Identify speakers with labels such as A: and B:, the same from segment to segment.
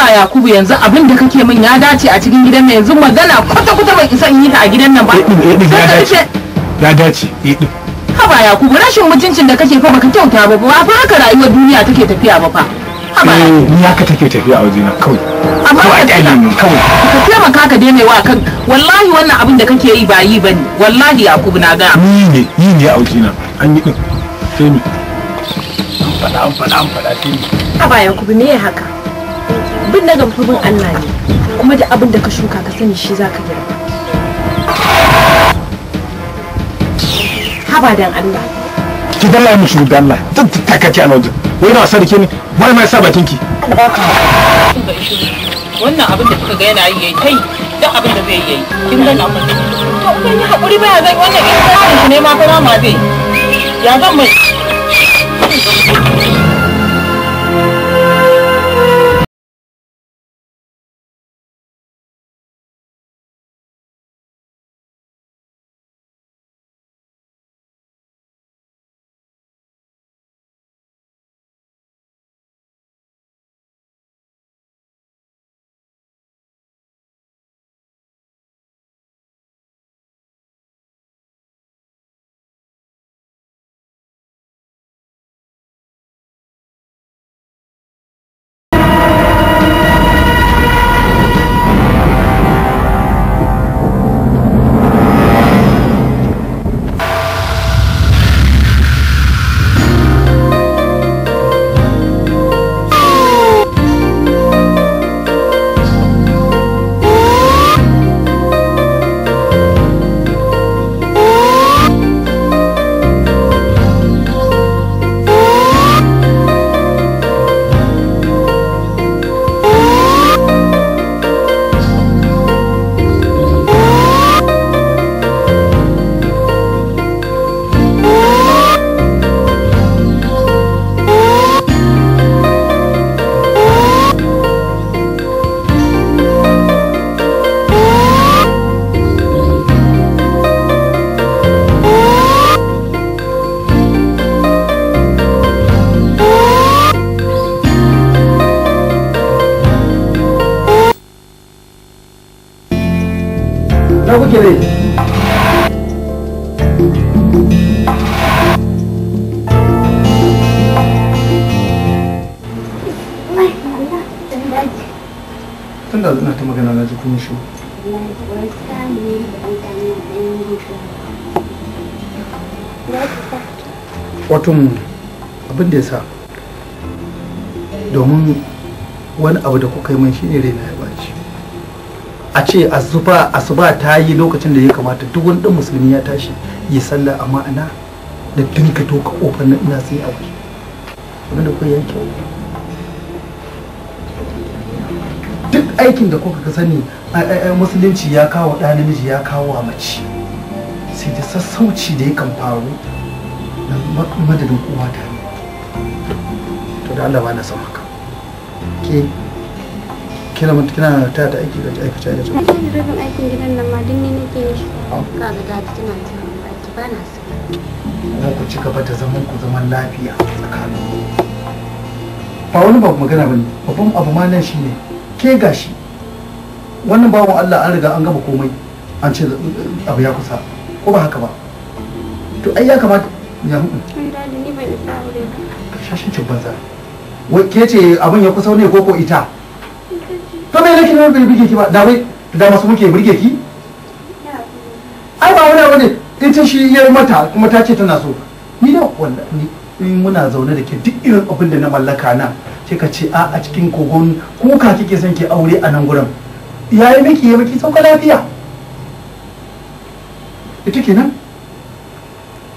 A: Allah Yakubu yanzu abin da kake min ya dace a cikin gidan nan yanzu magana kwata kwata ban isa in yi ta a gidan nan ba eh, eh, eh, ya dace ya dace haba Yakubu rashin mutuncin da kake fa baka kyauta ba ba fa haka rayuwar duniya take tafiya ba fa
B: haba ni haka take tafiya a wajena kawai amma ka tsaya kawai
A: ka taimaka ka daina wa kan wallahi wannan abin da kake yi ba yi bane wallahi Yakubu na ga
B: ni ne yi ne a wajena an yi din sai ni faɗa an faɗa an faɗa sai ni
A: haba Yakubu ne haka
C: bin na gamfabin Allah ne kuma da abin da ka shuka ka sani shi za ka girba haba dan Allah
B: ki dalla mu shiru Allah ta taka ki a wajen wai na sarki ne wai ma sa bakin ki
A: wannan abin da kuka ga yana yi yayi kai duk abin da zai yi kin ga na mun to ban yi hakuri ba zai wannan in tsarin ne ma kuma ma zai ya zan mai
D: nufin abin da ya sa domin wani abu da kuka yi min shine raina ya baci a ce asuba ta yi lokacin da ya kamata duk wani ɗan musulmi ya tashi ya sallah amma ana da dinka toka kofar na ina sai a waje abin da kuka yanke duk aikin da kuka ka sani musulunci ya kawo ɗa namiji ya kawo mace sai da sassauci da yakan faru madadin ta to da Allah haka kina mun kina aiki da ni aikin
C: gidan nan ma ka ga da tana ta ku
D: ci gaba da zaman lafiya tsakanin ba wani babu magana bane babban abu ma nan shine ke gashi wannan babu Allah an riga an gama komai an ce abu ya kusa ko ba haka ba to ai ya kamata ya
C: hudu
D: shashancin banza wake ce abin ya kusa ne koko ita to me nake nan bai burge ki ba da wai da masu muke burge ki ai ba wani abu ne ce shi yar mata kuma ta ce tana so ni da wanda in muna zaune da ke duk irin abin da na mallaka na kika ce a a cikin kogon kuka kike son ki aure a nan gurin yayi miki ya miki sauka lafiya ita kenan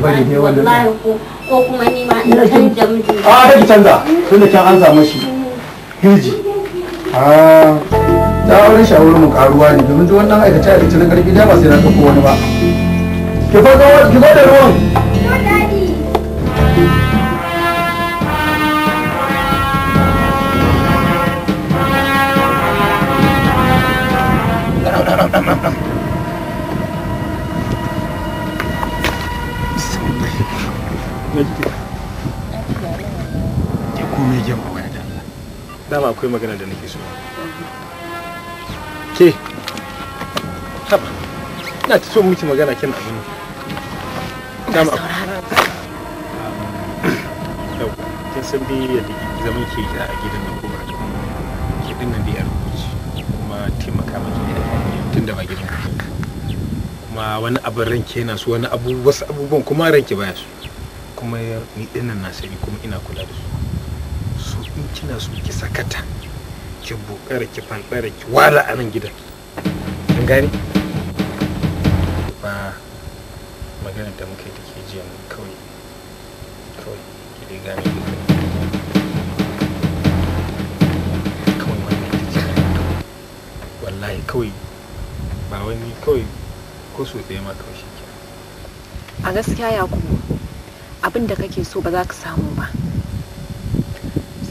C: bari ne wannan ko kuma ni ma ina in canza miji a ah,
D: da ki canza tunda kin an samu shi hirji ah. a da auren shawar mu karuwa ne domin duk wannan aikace aikace na karfi da ba sai na tafi wani ba
E: ki farko ki bada ruwan
B: Thank you. dama akwai magana da nake so ke haba ina ta so miki magana kin abin dama kin san bi yadda zaman ke a gidan nan kuma ke din nan da yar kuma taimaka miki da tun da ba gidan kuma wani abin ranke yana su wani abu wasu abubuwan kuma ranke baya su kuma ni dinnan na sani kuma ina kula da su in kina so ki sakata ki bukara ki fantsara ki wala a nan gidan an gani ba magana da muka yi da ke jiya kawai kawai ki dai gane wallahi kawai ba wani kawai ko so ɗaya ma kawai shi
C: a gaskiya yakubu abin da kake so ba za ka samu ba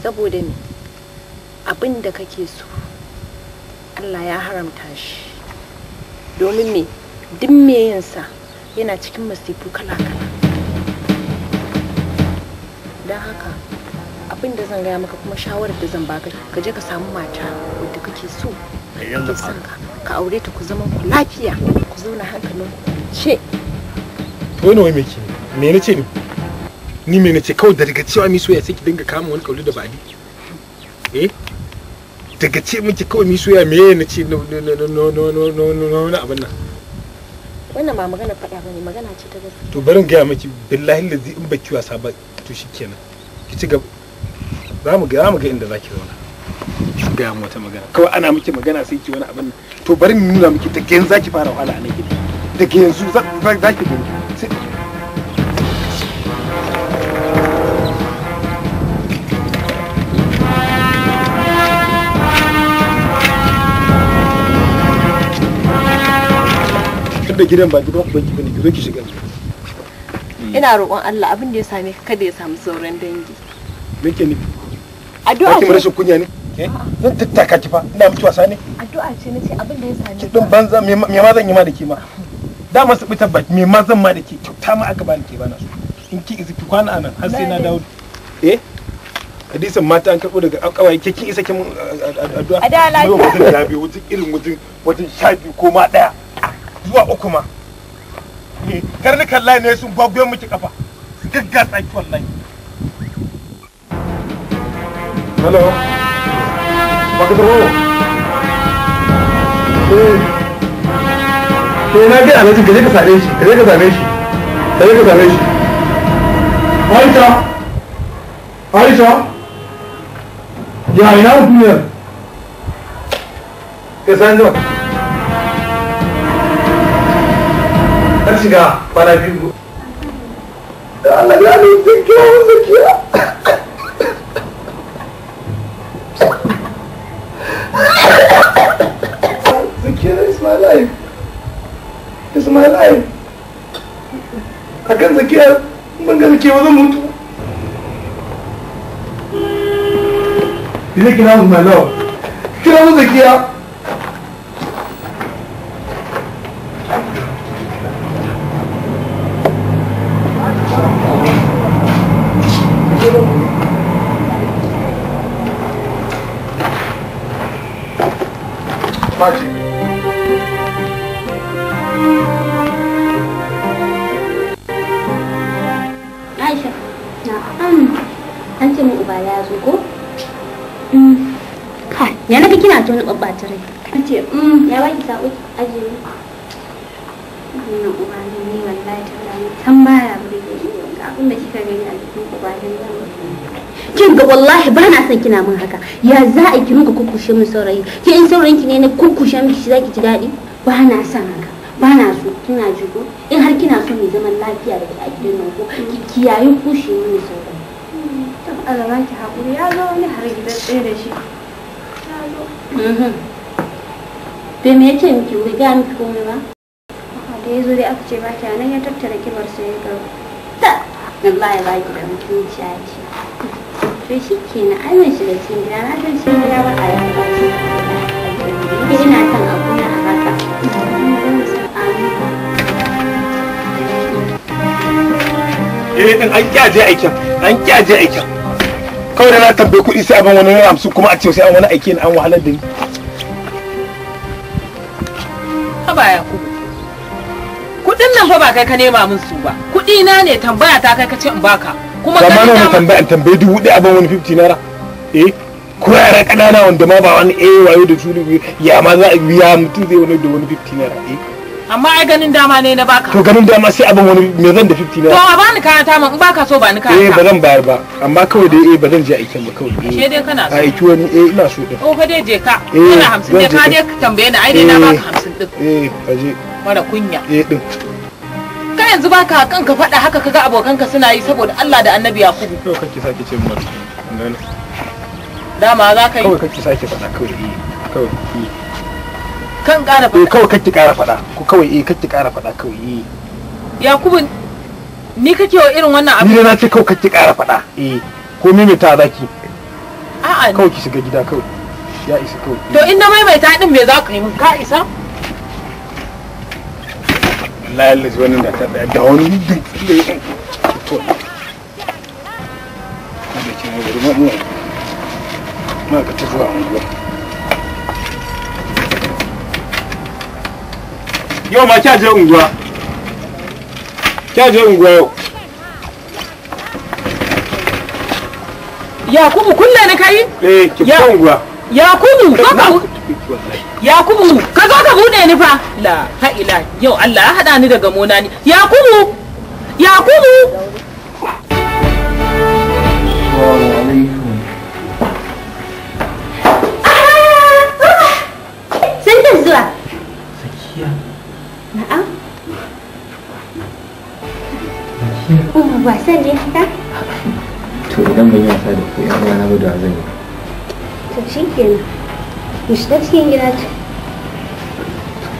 C: saboda me abin da kake so Allah ya haramta shi domin me duk me yinsa yana cikin masifu kala-kala don haka abin da zan gaya maka kuma shawarar da zan baka ka je ka samu mata wadda kake so kake son ka aure ta ku zaman ku lafiya ku zauna hankalin ku ce
B: to ne wai me ke me ce ne ni me nace kawai da daga cewa mi soyayya sai ki dinga kama wani kauli da badi eh daga ce miki kawai mi soyayya me na ce no no no no no no no no no abin nan
C: wannan ba magana faɗa ba ne magana ce ta gaskiya
B: to barin gaya miki billahi lazi in baki wasa ba to kenan ki ci gaba za mu ga za mu ga inda zaki zauna gaya mu wata magana kawai ana miki magana sai ki wani abin to bari mu nuna miki daga yanzu zaki fara wahala a nan gidan daga yanzu zaki
E: gani
B: da gidan ba gidan ku banki bane ki zo ki shiga ina
C: roƙon Allah abin da ya same ka kada ya samu sauran dangi
B: me ke nufi addu'a ce rashin kunya ne eh zan tattaka ki fa ina miki wasa ne
C: addu'a ce ce abin da ya same ki din
B: banza me ma zan yi ma da ke ma da ma su bi tabbat me ma zan ma da ke kyauta ma aka bani ke bana su in ki izi ki kwana anan har sai na dawo eh hadisin mata an karɓo daga kawai ke kin isa kin addu'a a da lafiya ba mutum da biyu irin mutum mutum sha biyu ko ma daya zuwa uku ma eh, karnukan layi ne sun gwagwe miki kafa gaggar tsaki wallahi
E: hello bakadaro eh. eh na ga alhaji gaje ka same shi gaje ka same shi gaje ka same shi aisha aisha ya ina duniyar ka san har shiga bana biyu da Allah ya ne zakiya zakiya zakiya is my life is my life akan zakiya ban ga zakiya zan mutu my love. zakiya.
C: ɓata mm, wallahi ta da wallahi ba na son kina min haka ya za a ki muka kukushe min saurayi ki in saurayin ki ne na kukushe miki shi zaki ji daɗi ba na san haka ba na so kina jigo in har kina so mai zaman lafiya da ake nan ko ki kiyaye kushe min saurayi hmm, a ki hakuri ya zo har gidan da shi to me yake miki wuri ga miki komai ba da ya zo dai aka ce ba ki nan ya tattara kibar sa ya ga ta ba ki da ya to shi ke na aimin shi da cikin gida na san cikin gida ba a yi ba ina abu na haka
B: eh an kyaje aikin an kyaje aikin kawai da na tabbe kuɗi sai abin wani ramsu kuma a ce sai an wani aiki an wahalar da ni
A: ka baya ku kuɗin nan fa ba kai ka nema min su ba kuɗi na ne tambaya ta kai ka ce in baka kuma ka mana
B: tambaya in tambaye dubu ɗaya abin wani 50 naira eh ko yara ƙanana wanda ma ba wani eh wayo da su ya ma za a biya mutum zai wani da wani 50 naira eh
A: amma ai ganin dama ne na baka to
B: ganin dama sai abin wani me zan da 50 na to a
A: bani kaya ta in baka so bani kaya eh ba zan
B: bayar ba amma kawai dai eh ba zan je aikin ba kawai eh dai kana so a aiki wani eh ina so din
A: oh ka dai je ka eh, kana 50 ne ka dai tambaye ni ai dai na eh, baka 50 din eh aje. mara kunya eh din ka yanzu baka kanka faɗa haka kaga abokanka suna yi saboda Allah da Annabi Yakubu to kake sake ce
B: mun
A: dama za ka yi kawai
B: kake sake faɗa kawai kawai kan ƙara faɗa eh, kawai kake ƙara faɗa ko kawai eh kake ƙara faɗa kawai eh
A: yakubu ni kake wa irin wannan abu ni da
B: na ce kawai kake ƙara faɗa eh ko maimaita zaki a'a kawai ki shiga gida kawai ya isa kawai eh.
A: to in na maimaita din me za ka yi mun ka isa
B: Allah wannan da ta da to ma ka ta zuwa unguwa yo ma kya je unguwa kya je unguwa yau
A: yakubu kulle ne kai eh ki fita unguwa yakubu kaka yakubu ka zo ka bude ni fa la ha ila yo Allah ya hada ni daga mona ni yakubu yakubu Assalamu alaikum
C: wasan ne ka
A: to idan ban yi wasa da ku yan uwana ba da zan yi
C: to shi kenan mu shiga cikin gida ta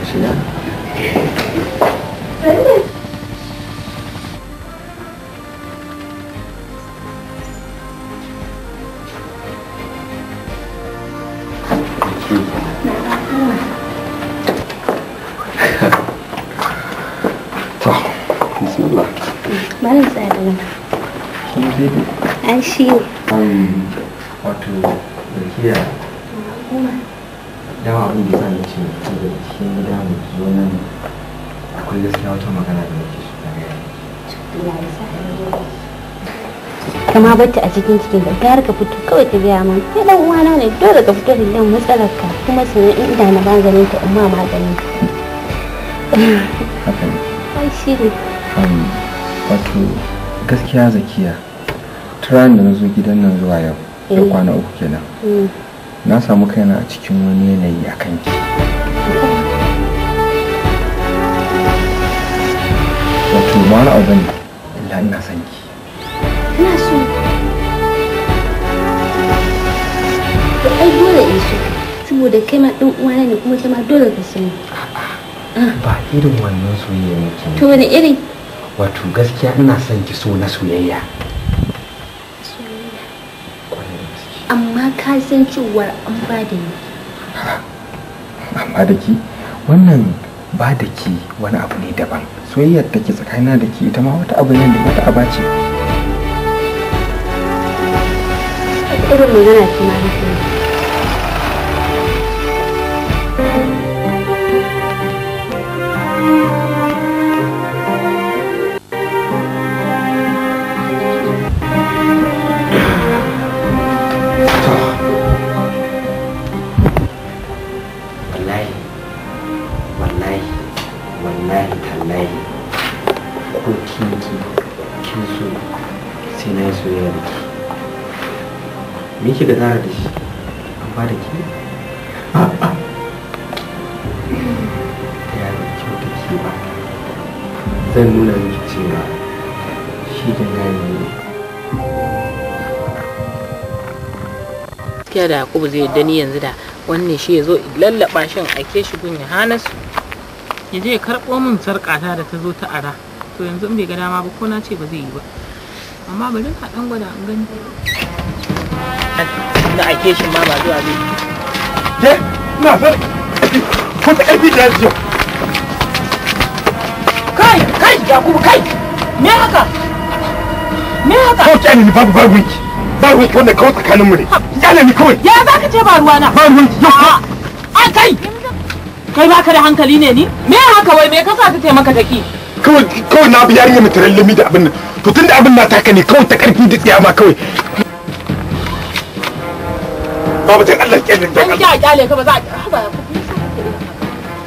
C: shiga ai magana bata a cikin cikin da gara ka fito kawai ka gaya min kai dan ne dole ka fito da matsalar ka kuma sanin inda na maganin ta amma maganin ka ai shi ne
D: wato gaskiya zakiya duk da na zo gidan nan zuwa yau da eh. kwana uku kenan mm. na samu kaina a cikin wani yanayi a ki wato ma na abu ne illa ina son
F: ki ina so
C: to ai dole in so saboda kai ma ɗan uwana ne kuma kai ma dole ka sani ah.
G: ba irin wannan soyayya ne
D: to
C: wani irin
B: wato gaskiya ina son ki so na soyayya
C: amma ka san cewar an ba da ni
B: amma da ki wannan ba da ki wani abu ne daban soyayyar da ke tsakanina
D: da ki ita ma wata abu ne da wata aba ce
C: irin magana ki ma
B: da zara da shi amma da ke da kyau ke ba zan nuna
D: miki cewa shi da gani ne
A: gaskiya da yakubu zai yadda ni yanzu da wannan shi ya zo lallaba shan ake shi gun ya hana su ya je karɓo min sarƙata da ta zo ta ara to yanzu in bai ga dama ba ko na ce ba zai yi ba amma bari ka ɗan gwada in gani aka aike shi ma ba zuwa zai ke na zai ko ta ƙarfi da yanzu kai kai yakubu
D: kai
B: me haka me haka kawai kyale ni babu babu wiki babu wiki wanda
A: kawai tsakanin mu ne kyale ni kawai ya za ka ce ba ruwana babu ki yau a kai kai ba ka da hankali ne ni me haka wai me ka sa ta taimaka take kawai kawai na
B: bi yarinya mutarallami da abin nan to tunda abin na taka ne kawai ta karfi da tsiyama kawai babu Allah Allah an
A: kyale ka ba za a ba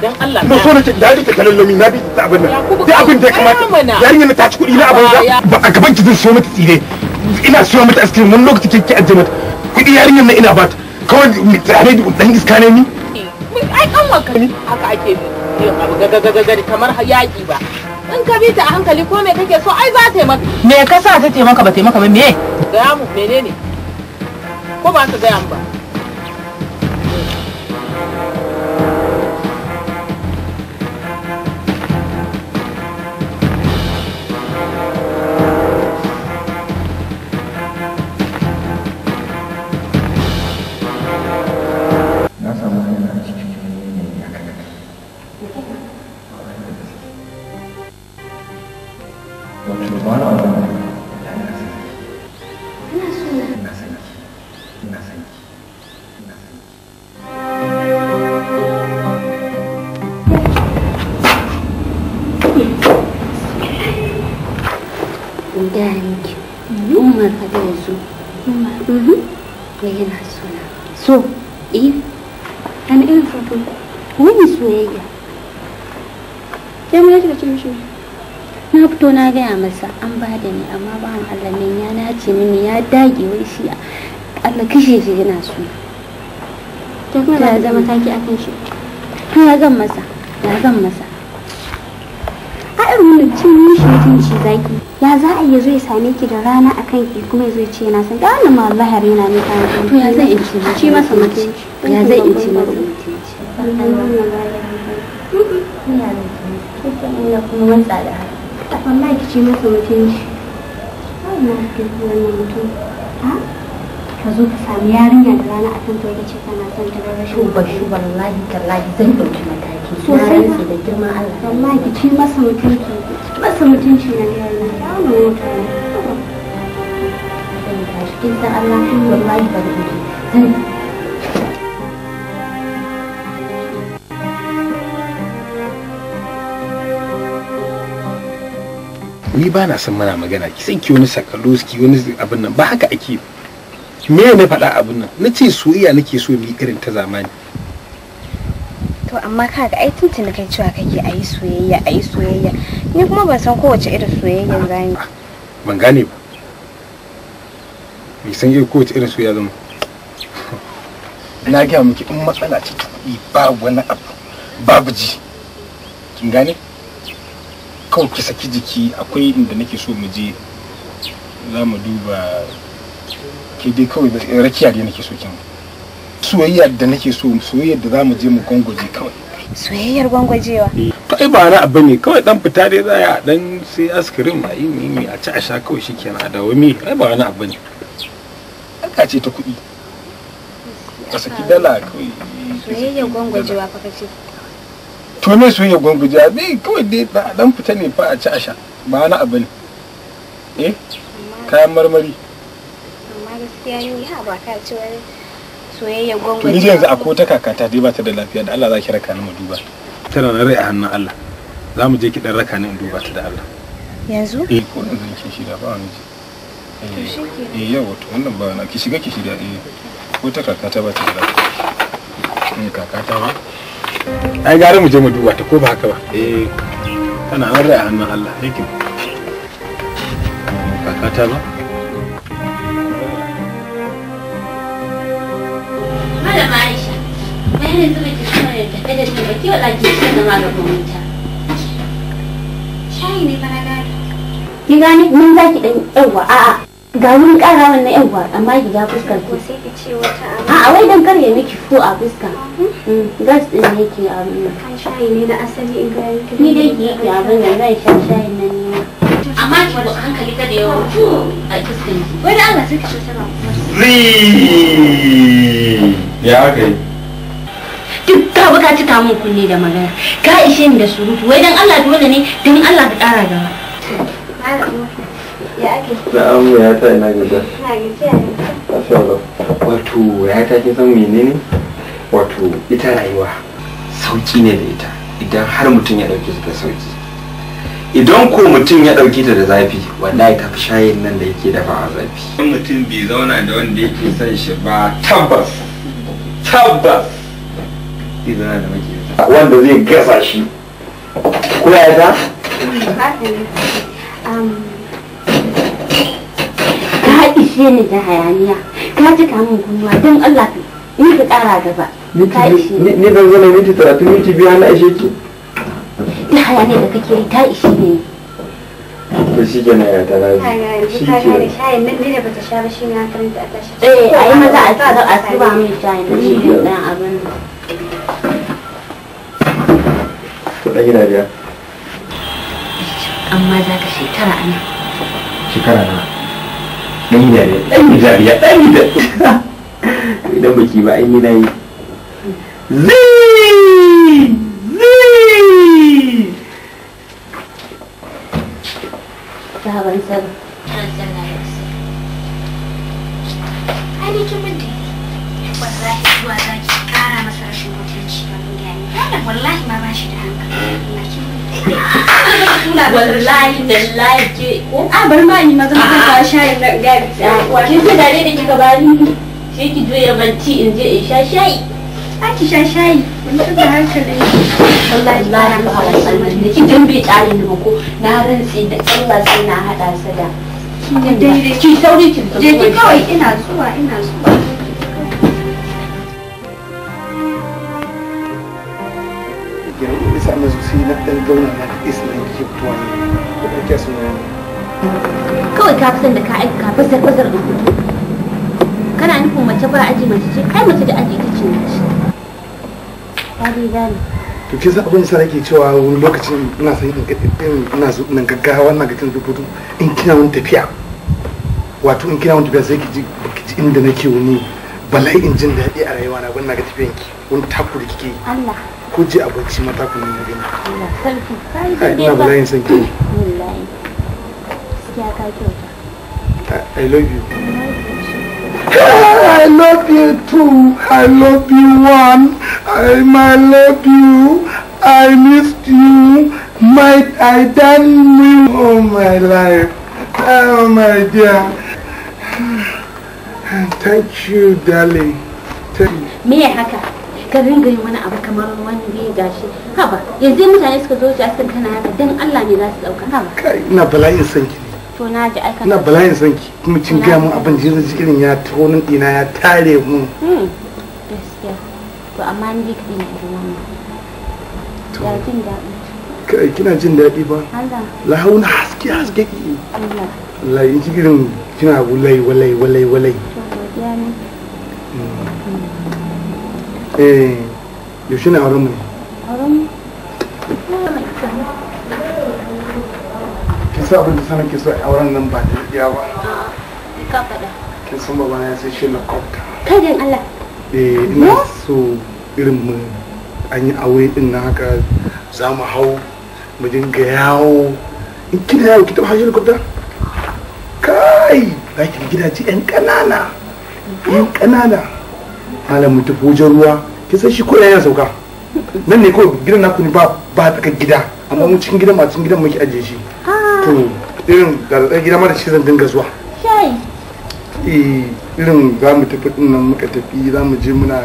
A: dan Allah na so
B: nake da rike kallon lomi na bi ta abin nan duk abin da ya kamata yarinya ta ci kuɗi na abin ba a gaban ki zan mata tsire ina siyo mata ice wani lokaci ke ki
E: ajje mata kuɗi yarinyar na ina ba ta kawai mai tsare da dan iska ne ni
A: eh, ai kan wanka haka ake yin abu gagagagagari kamar yaƙi ba in ka bi ta a hankali ko me kake so ai za ta maka me ka sa ta taimaka ba taimaka ba me Gaya mu menene ko ba ta gaya mu ba
C: ce mini ya dage wai shi Allah kashe shi yana so ta kuma ya zama taki kan shi to ya gan masa ya gan masa a irin wannan cin
G: mutum
C: ce zaki ya za a yi zo same ki da rana akan ki kuma ya zo ce na san ma Allah yana ne ta ya zan masa ya zan ci masa kuma mutunci na mutum ka ka sami yarinya da rana a kan kai ce kana son ta bar ba shi wallahi tallahi zan dauki mataki sosai da Allah ki masa mutunci masa mutunci na ya mu kin san Allah wallahi ba da
G: zan
B: ni ba na son mana magana ki san ki wani sakalo ki wani abin nan ba haka ake me na faɗa abin nan na ce soyayya nake so mu irin ta zamani
C: to amma kaga ai tuntuna kai cewa kake yi soyayya yi soyayya ni kuma ban san kowace
B: irin soyayya zani ban gane ba bai san irin kowace irin soyayya zama na gaya miki in matsala ce ba wani abu babu ji kin gane kawai ki saki jiki akwai inda nake so mu je za mu duba ke dai kawai eh, rakiya dai nake so kin soyayya da nake so soyayya da za mu je mu gwangwaje kawai soyayyar gwangwajewa eh, to ai ba na abu ne kawai dan fita dai za a dan sai askirin a yi mimi a ci a sha kawai shikenan a dawo mi ai ba wani abu ne aka ce ta kuɗi a saki dala kawai soyayyar
C: gwangwajewa fa kace
B: to me soyayya gwangwaje a bi kawai dai dan fita ne fa a ci a sha ba na abu ne eh kayan marmari
C: amma gaskiya ni ha ba ka ci wani soyayya to ni yanzu ta
B: kakata dai ba ta da lafiya da Allah za ki raka ni duba tana rai a hannun Allah za mu je ki dan raka ni in duba ta da Allah yanzu eh ko in zan ki ba wani eh, eh to wannan ba ki shiga ki eh ko ta kakata ba ta da lafiya kakata ai gara mu je mu duba ta ko ba haka ba eh tana an rai a hannun Allah yake ta ba
C: Malama Aisha, bayan yanzu ba ki so ya tafi da shi ba ki wada ki shan da malamin wuta. Shayi ne fara gado. Ki gani mun zaki ki dan yawa a'a ga wurin ƙara wannan yawa amma ki ga fuskar Ko
G: sai ki ce wata
C: A'a wai dan kar ya miki fu a fuska. Mm, gas din yake a abin nan. Kan shayi ne da asali in ga yake. Ni dai ki yake abin nan zan sha shayin nan ne. Amma ki ba hankali kada ya wuce a fuskan ki. Wai dan Allah sai ki shota ba.
B: Ri! Ya kai.
C: Duk ka buka ta mun kunne da magana. Ka ishe ni da surutu. Wai dan Allah dole ne dan Allah ka kara gaba.
G: Malam Ya ake? Na'am ya ta ina gaza. Na gajiya ne.
B: Wato ya ta kin san menene? Wato ita rayuwa sauki ne da ita idan har mutum ya dauke ta sauki. Idan ko mutum ya dauke ta da zafi wallahi tafi shayin nan da yake dafa a zafi. Idan mutum bai zauna da wanda yake son shi ba tabbas tabbas zai zauna da makiyata. Wanda zai gasa shi. Ko ya ta?
C: ishe ni ta hayaniya ka ji kamun kunwa don Allah ni ka kara gaba
B: ka ishe ni zan zama minti talatin minti biyu na ishe ki ta hayaniya da kake yi ta ishe ni to shi ke na yata na
C: shi ke na shayin nan ne ba ta sha ba shi ne eh, a karanta a tashi eh a yi maza a sa a zuba mai shayin da shi ne dan abin
D: to dan yana biya
C: amma za ka shekara ana
B: shekara na ɗan yi idan baki ba ai na yi
C: wallahi ma ba shi da hankali wallahi ke a bar ma ni shayin nan kin ce da da kika bani sai ki juya ci in je in sha shayi a ki sha shayi in ta da hankali wallahi na ran ba wannan ne ki dan bai tsare ko na rantsi da Allah sai na hada sa da ki sauri ki je ki kawai ina
G: zuwa ina zuwa
C: kawai ka fitar da ka aiki ka fasar fasar da kuɗi kana nufin mace bara aji mace ce kai mace da aji ta ce mace ba dai gane
E: to kin san abin sa cewa wani lokacin ina sai in ina so nan gaggawa wannan ga kin rubutu in kina wani tafiya wato in kina wani tafiya sai ki ji inda nake wani bala'in jin daɗi a rayuwa na wannan ga tafiyan ki wani taku da kike Allah ko je a abinci mata taku ne na gani Allah
F: sarki
C: kai da ba bala'in
E: san ki
F: mm. I love
E: you. I love you too. I love you one. I, I love you. I missed you. My, I done you all my life. Oh my dear. Thank you, darling.
C: Thank you. Me haka. ka ringa yin wani abu kamar wani ya gashi haba yanzu mutane suka zo shi asan kana haka dan Allah ne za su dauka haba kai
E: ina bala'in sanki
C: to na ji aikata ina bala yin
E: sanki. kuma kin gaya mun abin da yanzu irin ya tonin dina ya tare mu
C: hmm, gaskiya to amma ni wannan ya jin daɗi
E: kai kina jin daɗi ba lahauna haske
F: haske ki Allah
E: yin irin kina walai walai walai walai hmm. eh yaushe ne auren mu mu hmm. sa abin da sanar ke so a nan ba ta iya ba ka faɗa kin san ba ya sai shi kai din Allah eh ina so irin mu an yi aure din na haka za mu hau mu dinga yawo in kina yawo ki taɓa kai Ba ki gidaje yan ƙanana yan ƙanana malam mu tafi wajen ruwa ki san shi ko yana sauka nan ne kawai gidan naku ne ba ba gida amma mu cikin gidan ma cikin gidan muke ajiye shi to irin garɗar gida mara shi zan dinga zuwa irin za mu tafi nan muka tafi za mu je muna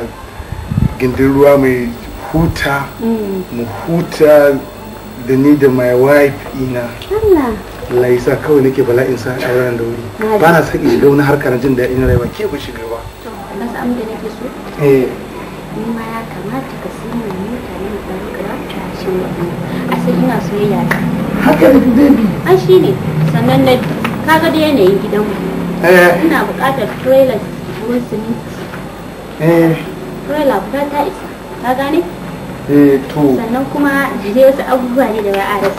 E: gindin ruwa mai huta
G: mm. mu
E: huta da ni da my wife ina Allah ya kawai nake bala'in sa a da wuri ba na son in shiga wani harkar jin daɗin rayuwa ke ba shiga ba
C: to na samu da nake so eh ma ya kamata ka sani mutane da ɗan ƙarar ta shi a sai ina soyayya haka ai sannan na kaga da yanayin gidanmu eh. ina buƙatar ruwan siminti eh. guda ta isa ka gane
E: eh, sannan
C: kuma abubuwa ne da ba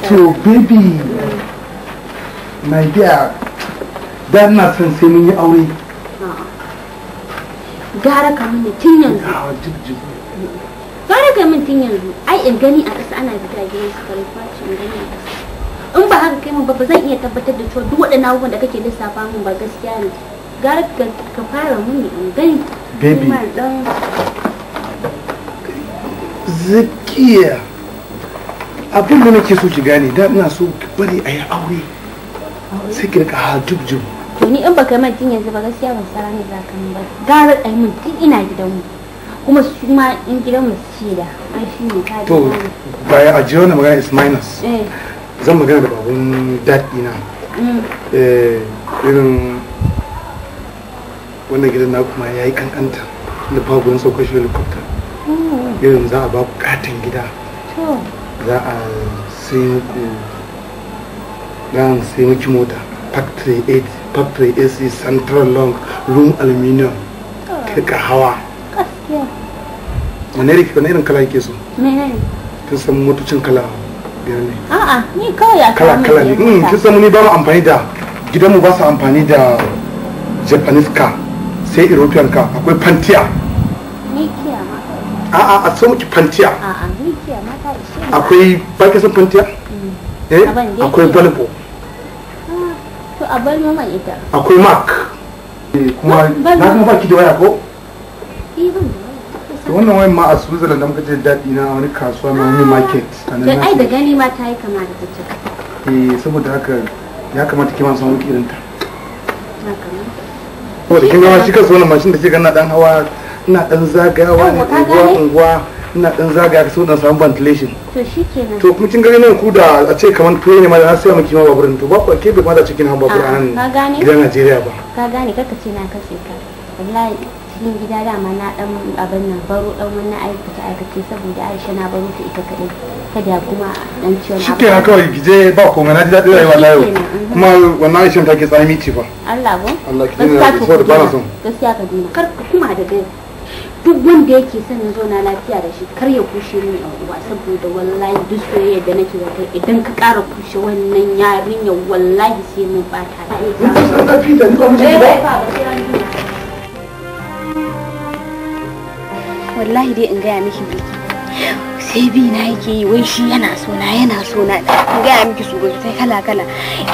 C: yi aure ah. gara ka mun tun yanzu ah, gara ka mun tun yanzu ai in gani a ƙasa ana fita gidan su in gani a ƙasa in ba haka kai mun ba ba zan iya tabbatar da cewa duk waɗannan abubuwan da kake lissafa mun ba gaskiya ne gara ka fara muni
F: in gani
E: baby zakiya abin da nake so ki gane da ina so ki bari a yi aure sai ki rika ha jubjub
C: to ni in baka mai tun yanzu ba gaskiya ban sara ne za ka mun ba gara ai mun tun ina gidan mu kuma su ma in gidan mu ce da ai shi ne ka to
E: bayan ajiyar na magana is minus eh. zan magana da babun daɗi na eh, irin wannan gidan na kuma ya yi kankanta da babun saukar shi helicopter oh. irin za a ba ku katin gida za a sai ku eh, sai miki mota factory 8 ac central long room aluminium oh. ka hawa ne irin kala yake so? tun san motocin kala biyar ne
F: a'a ni kawai a kala kala ne mm kin san ni
E: ba mu amfani da mu ba su amfani da japanese car sai european car akwai pantia
F: ni kiya ma
E: a'a a so miki pantia
F: a'a ni
C: kiya ma ta ishe
E: akwai ba ka san pantia
C: hmm.
E: eh akwai balbo
C: ah, to a bar mama ita
E: akwai mark eh, kuma na kuma baki da waya ko eh ban to wannan wayan ma a switzerland da muka je daɗi na wani kasuwa na wani market a nan ai da
C: gani ma ta yi kama da ta
E: eh saboda haka ya kamata kima samu irin ta saboda kin ga shi kasuwa mashin da ke gana dan hawa ina dan zagayawa ne unguwa unguwa ina dan zagaya ka saboda samu ventilation
F: to shikenan
C: to
E: kuma kin gani nan ku da a ce kamar to ne ma da na sai mu kima baburin to ba ku ke bai ma da cikin han babur a nan gidan Najeriya ba
C: ka gane kaka ce na kace ka wallahi cikin gida dama na dan abin nan baro dan wani aikace saboda Aisha na baro ta ita kadai kada kuma dan ciwon shi haka kawai
E: gije ba komai na ji dadi rayuwa layo kuma mhm. wannan Aisha ta ke tsami ci fa Allah ba Allah ki dina da bana son
C: gaskiya ka dina kar kuma da dai duk wanda yake son zo na lafiya da shi kar ya kushe ni a uwa saboda wallahi duk soyayya da nake da idan ka kara kushe wannan yarinya wallahi sai mun bata ta. Eh, ba ba ba ba ba ba ba. wallahi dai in gaya miki biki sai bi na yake yi wai shi yana so na yana so na in gaya miki su gobe sai kala kala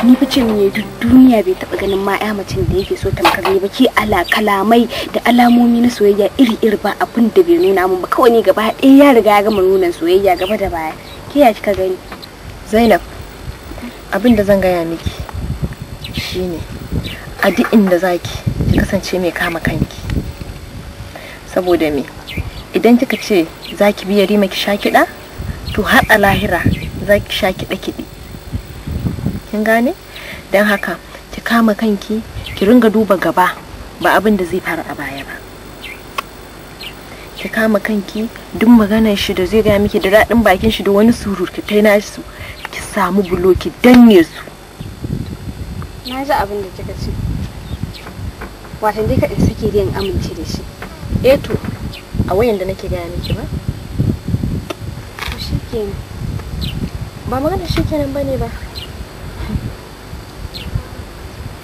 C: ni fice ne duk duniya bai taba ganin ma ya macin da yake so tamkar ne ba ki ala kalamai da alamomi na soyayya iri iri ba abin da bai nuna mun ba kawai ne gaba ɗaya ya riga ya gama nuna soyayya gaba da baya ke ya kika gani Zainab abin da zan gaya miki shine a duk inda zaki ki kasance mai kama kanki saboda me idan kika ce za ki biya rima ki sha kiɗa to har a lahira za ki sha kiɗa kiɗi kin gane don haka ki kama kanki ki ringa duba gaba ba abin da zai faru a baya ba ki kama kanki duk maganar shi da zai gaya miki da daɗin bakin shi da wani surutai na su ki samu bulo ki danye su na ji abin da kika ce watan dai ka da amince da shi eh to a wayan da nake gaya miki ba to ba magana shi kenan ba ne ba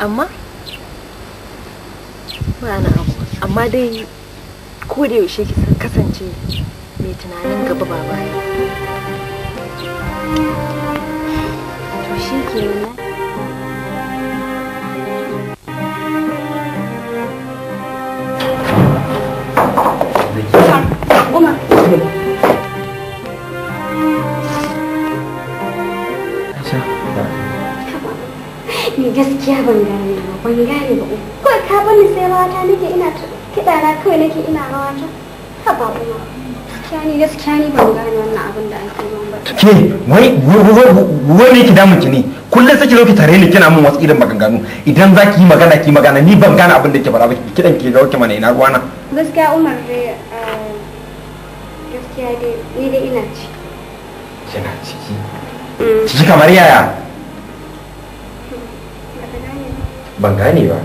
C: amma ma'ana abu amma dai ko da yaushe ki kasance mai tunanin gaba ba baya to shi kenan Uma. Ni gaskiya Kawai na ba Gaskiya ni gaskiya ni wannan
G: da yi ba.
B: Ke wai wani ki damun ki ne? Kullum saki ki zo tare ni kina mun wasu irin maganganu. Idan za ki yi magana ki magana ni ban gane abin da ke faɗa ba kiɗan ke ga wake mana ina ruwana.
C: Gaskiya Umar dai eh, ciki kina
B: ciki ciki mm. kamar yaya
D: ban gane ba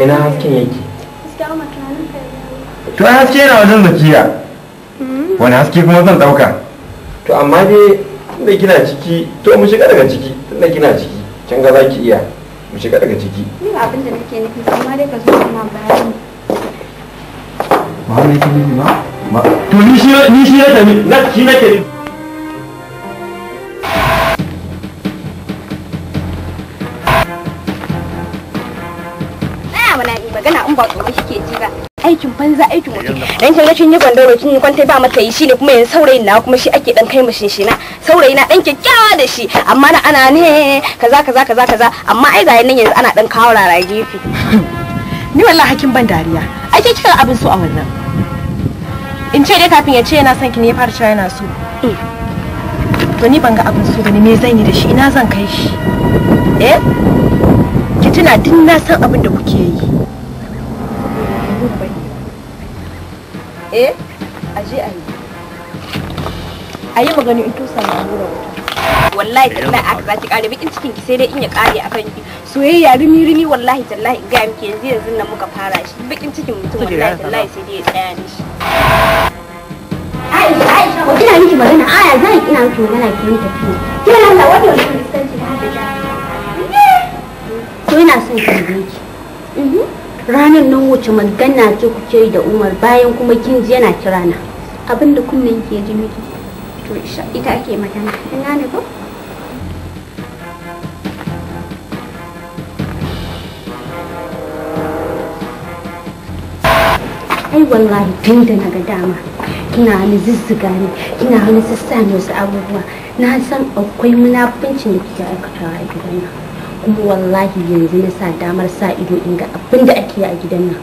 C: ina hasken yake
B: to haske yana wajen zakiya mm. wani haske kuma zan ɗauka to amma dai tunda kina ciki to mu shiga daga ciki tunda kina ciki can ga za ki iya mu shiga daga ciki
C: ni ba abin da nake nufi amma dai ka zo kana bayani
B: ba mai kini ba to ni shi ni shi nake ni na shi nake
C: ni magana in ba tsoro shi ke ji ba aikin banza aikin mutum dan kin ga kin yi gwandoro kin kwanta ba mata yi shine kuma yanzu saurayin na kuma shi ake dan kai mashin shi na saurayi na dan kyakkyawa da shi amma na ana ne kaza kaza kaza kaza amma ai ga nan yanzu ana dan kawo rara gefe ni wallahi hakin ban dariya ai ke kika abin so a wannan in ce dai kafin ya ce yana son ki ne ya fara cewa yana so mm. to ni ban ga abin so bane me zan yi da shi ina zan kai shi eh ki tuna duk na san abin da kuke yi eh a je a yi a yi magani in tusa na nura wuta wallahi tallahi aka zaki kare bakin cikin ki sai dai in ya kare akan ki soyayya rimi rimi wallahi tallahi in ga miki yanzu yanzu nan muka fara shi bakin cikin mutum wallahi tallahi
F: sai dai ya tsaya ni shi Aisha Aisha ko kina miki magana aya
C: zan ina miki magana ki yi tafiya ke Allah wani wani
F: fuskanci da haka da
C: ko ina son ki ki ranar nan wuce magana ce kuke da umar bayan kuma kin ji yana kira na abin kunnen ke ji miki to ita ake magana ina ne ko ai wallahi tun da naga dama kina hannu zuzzuga ne kina hannu sassa ne wasu abubuwa na san akwai munafincin da kike aikatawa a gidan nan kuma wallahi yanzu na sa damar sa ido in ga abin da ake a gidan nan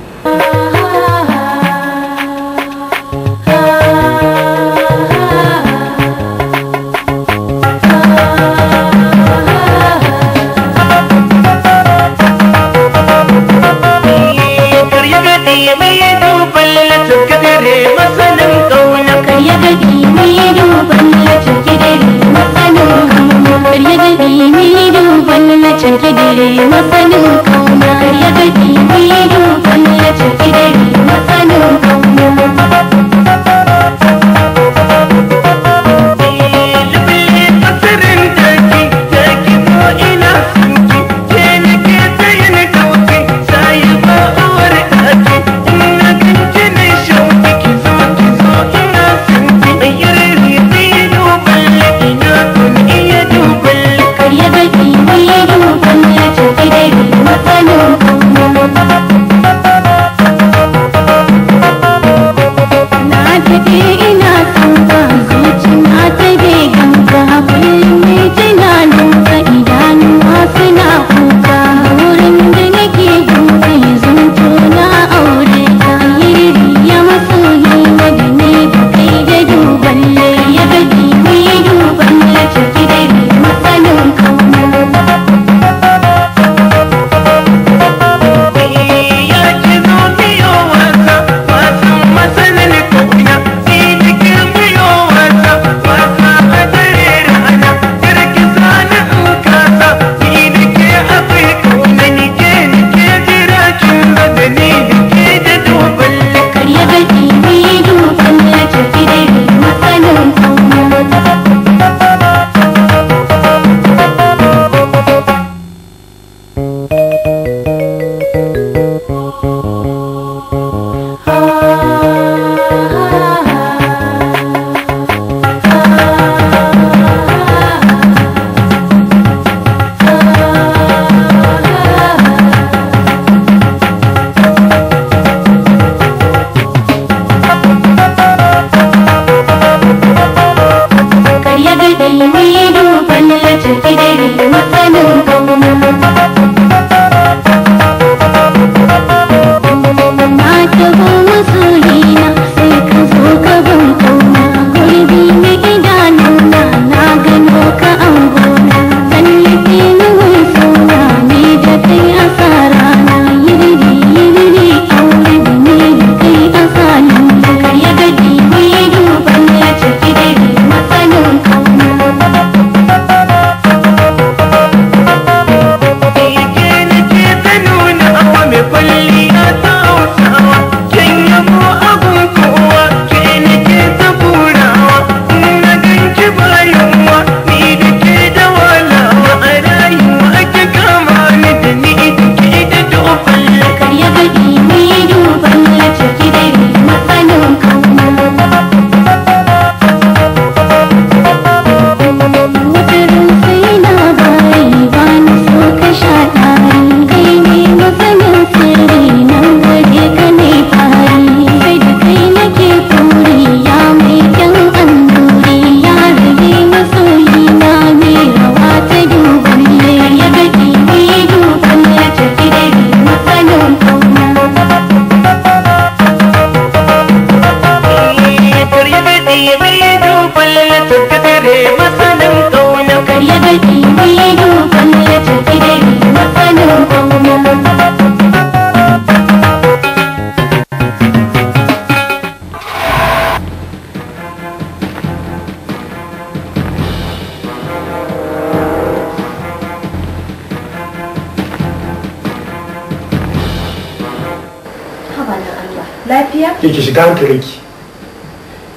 B: da hankalinki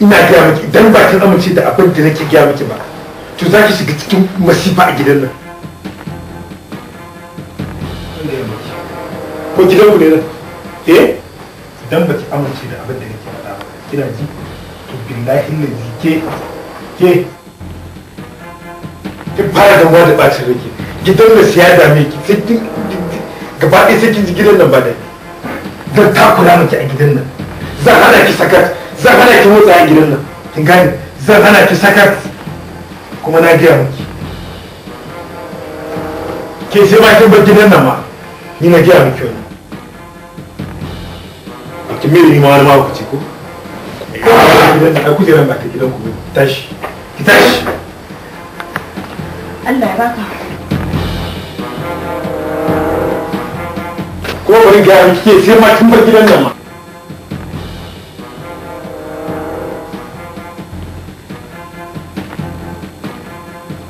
B: ina gaya miki dan ba kin amince da abin da nake gaya miki ba to za ki shiga cikin masifa a gidan nan ko gidan ku ne nan eh dan ba ki amince da abin da nake faɗa ba kina ji to billahi lazi ke ke ki fara da da bacin rake gidan da siya da miki sai kin gaba ɗaya sai kin ji gidan nan ba dai da ta kula miki a gidan nan zan hana ki sakat zan hana ki motsa a gidan nan kin gane zan hana ki sakat kuma na gaya miki ke sai bakin bar gidan nan ma ni na gaya miki wani a kin miri ma wani mako ce ko a kujeran ba gidan ku tashi ki tashi Allah ya baka ko wani ga miki sai ma kin bar gidan nan ma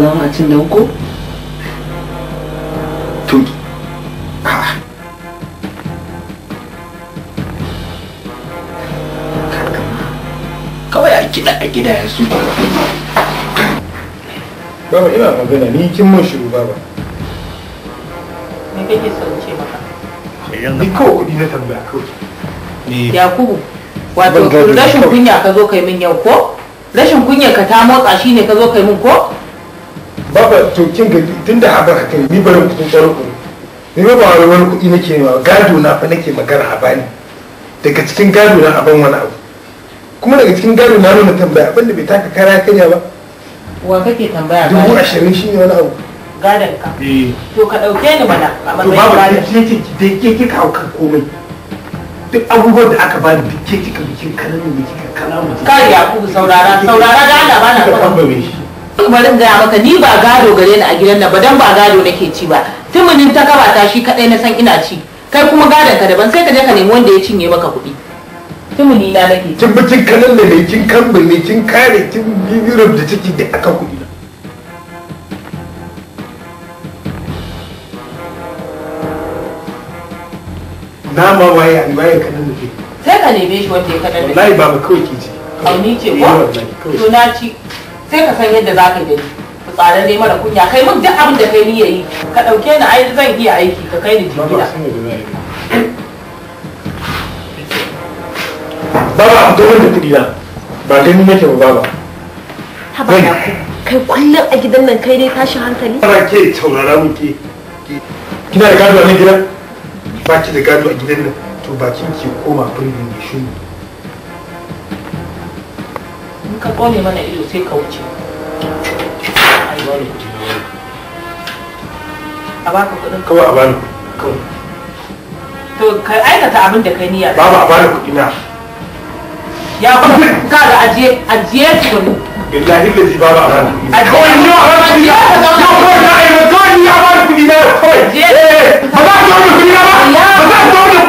A: zama a cin danko?
B: Tun. Kawai a kiɗa a kiɗa ya su. Baba ina magana ni kin mun shiru baba.
A: Me kake son ce maka? Ni ko ni na tambaya kawai. Ni Yakubu, wato rashin kunya ka zo kai min yau ko? rashin kunya ka ta motsa shine ka zo kai min ko
B: ba to kin ga tun da haɓar haka ni barin kudin tsaro ku ni ba ba wani wani nake ma gado na fa nake magana a ne daga cikin gado na aban wani abu kuma daga cikin gado na nuna tambaya abin da bai taka kara
A: kanya ba wa kake tambaya dubu ashirin
B: shi ne wani abu gadon ka eh. to
A: ka ni a matsayin
B: gadon da kika komai duk
E: abubuwan da aka bani duk ke mutum
B: kai ya ku saurara saurara da
A: Allah bana son bari gaya maka ni ba gado gare ni a gidan nan ba dan ba gado nake ci ba tumunin ta kaba ta shi kadai na san ina ci kai kuma gadon ka daban sai ka je ka nemi wanda ya cinye maka kuɗi tumuni na nake
B: kin bikin kanan da ne kin kambe ne kin kare kin biro da take da aka kuɗi na ma waye an waye kanan da ke
A: sai ka neme shi wanda ya kanan da wallahi ba ba kawai ki ci ni ce ko to na ci sai ka san yadda za ka yi da ni fitsarar dai mara kunya kai mun duk abin da kai ni yayi ka dauke ni ai zan iya aiki ka kai ni jigila
B: baba an gaban da kudi na ba gani nake ba baba
C: haba na kai kullum a gidan nan kai dai tashi hankali ba
B: ke taurara mu ke kina da gado a nan gidan ba ki da gado a gidan nan to bakin ki koma birnin ne shi
A: ka kone mana ido sai ka wuce a baka kudin kawai a bani to ka aikata abin da kai niyya a bani kudi na ya kuma ka da ajiye ajiye kudi
B: babu a bani a bani na ko na ni a
A: bani na ba na na ba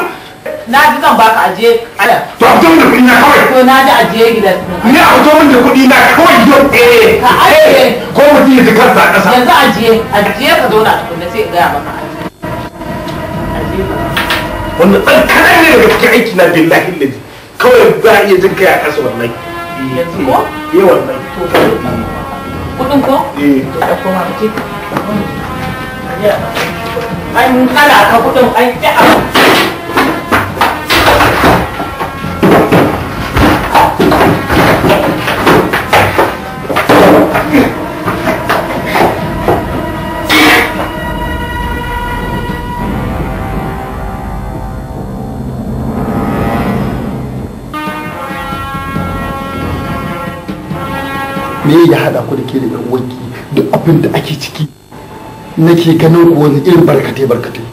A: na ji zan baka ajiye ala to fito da na kawai to na ji ajiye gidan ni a fito da kuɗi na kawai gidan eh ka ajiye eh, ko mutum ya ji kansa a yanzu ajiye ajiye ka zauna a tukunna sai in maka
B: wannan ɗan kaɗan ne daga cikin aiki na billahi lazi kawai ba a iya jin kai a ƙasa wallahi yanzu ko eh, eh wallahi to ka
A: ko eh to da koma kake ai mun kala ka kuɗin ai da
D: me ya haɗa ku da ke da ɗan duk abin da ake ciki nake ganin ku wani irin barkatai barkatai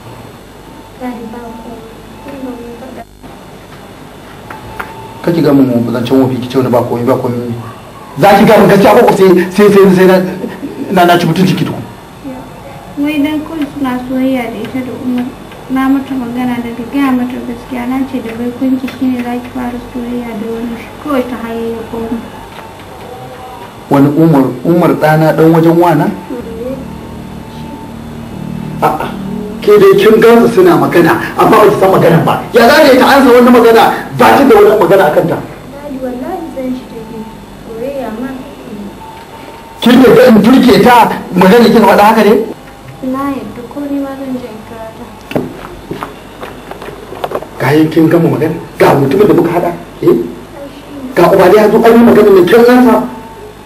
D: kake ga mu zancen wofi ki ce wani ba komai ba komai za ki ga mun gaskiya ko sai sai sai sai na na ci mutunci ki duku
F: mai dan kun
C: suna soyayya da ita da umar na mata magana da ta gaya mata gaskiya na ce da bai kunki shine za ki fara soyayya da wani kawai ta hayayya komai
D: wani umar umar ɗana ɗan wajen wana a'a ke dai kin gansu suna magana amma ba ki san magana ba ya za ta ansa wani magana ba ta da wani magana akan ta kin da in turke ta magana kin faɗa haka ne
C: na yadda
D: kayan kin gama magana ga mutumin da muka hada eh? ga ubali ya zo an yi magana mai kyan ansa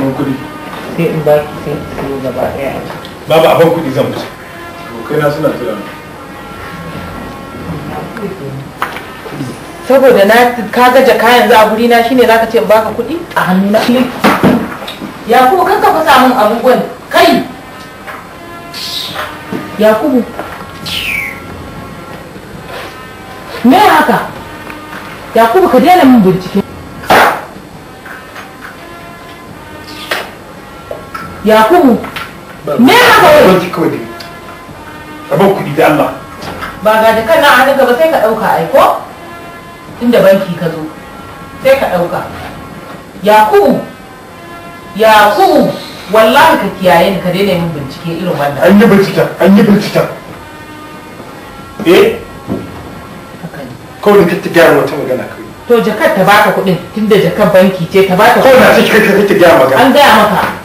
B: ban kuɗi sai in ba ki sai in siyo gaba ɗaya babu a ban kuɗi zan musu abokaina suna tura
A: saboda na ka gaja kayan za a guri na shine zaka ce in baka kuɗi a hannu na yakubu kan ka fasa min abubuwan kai ya yakubu me haka ya yakubu ka daina min bincike
B: ya kuma me haka wani ba kawai dai ba kuɗi da Allah
A: ba ga da kana a gaba sai ka ɗauka ai ko inda banki ka zo sai ka ɗauka ya kuma ya kuma wallahi ka kiyaye ni ka daina yin bincike irin wannan
E: an yi bincike an yi bincike
B: eh kawai ka ta gyara wata magana kawai
A: to jakar ta baka kuɗin tunda jakar banki ce ta baka kawai na ce ka ta gyara magana an gaya maka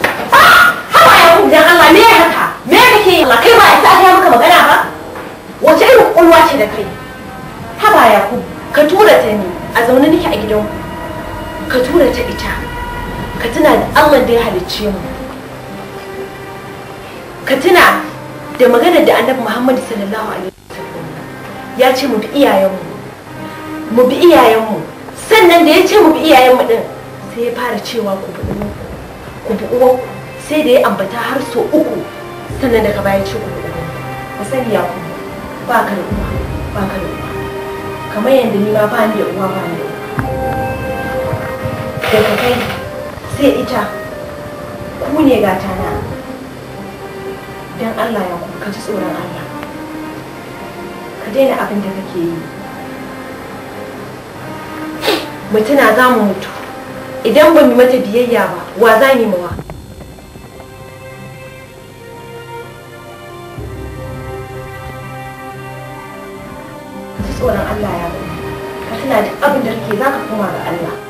A: aikin kai ba a ta maka magana
C: ba wace irin kulwa ce da kai haba ya ku ka tura ta ne a zaune nake a gidan ka tura ta ita ka tuna da Allah da ya halicce mu ka tuna da maganar da annabi Muhammad sallallahu alaihi wasallam ya ce mu bi iyayenmu mu bi iyayenmu sannan da ya ce mu bi iyayenmu din sai ya fara cewa ku bi uwanku ku bi uwanku sai da ya ambata har so uku sannan daga baya ci ku ba sani ya ku ba ka da uwa ba ka da uwa kamar yadda ni ma ba ni da uwa ba ni da uwa daga kai sai ita ku ne gata na don Allah ya kuma ka ji tsoron Allah ka daina abin da kake yi mutuna za mu mutu idan ban mu mata biyayya ba wa za mu mawa tsoron Allah ya ka tuna duk abin da kake za ka koma ga Allah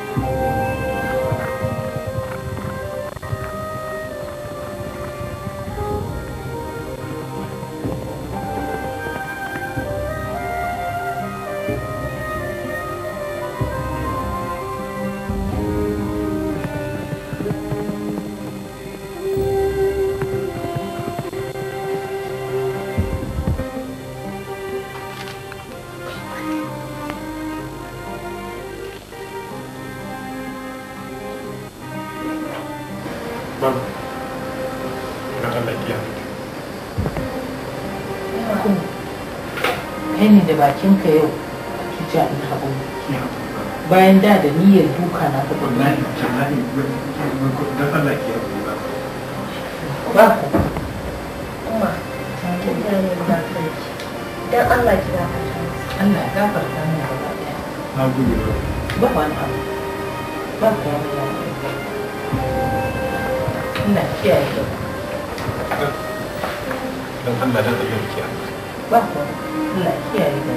A: da bakin ka yau ki ja in haɓu bayan da da niyyar duka na ka ba ba ku kuma dan Allah ki da Allah ya gafarta ni ba ɗaya na gode ba ba ba ba ba ba ba ba ba ba ba
B: ba ba ba ba ba
A: ba ku Allah kiyaye ni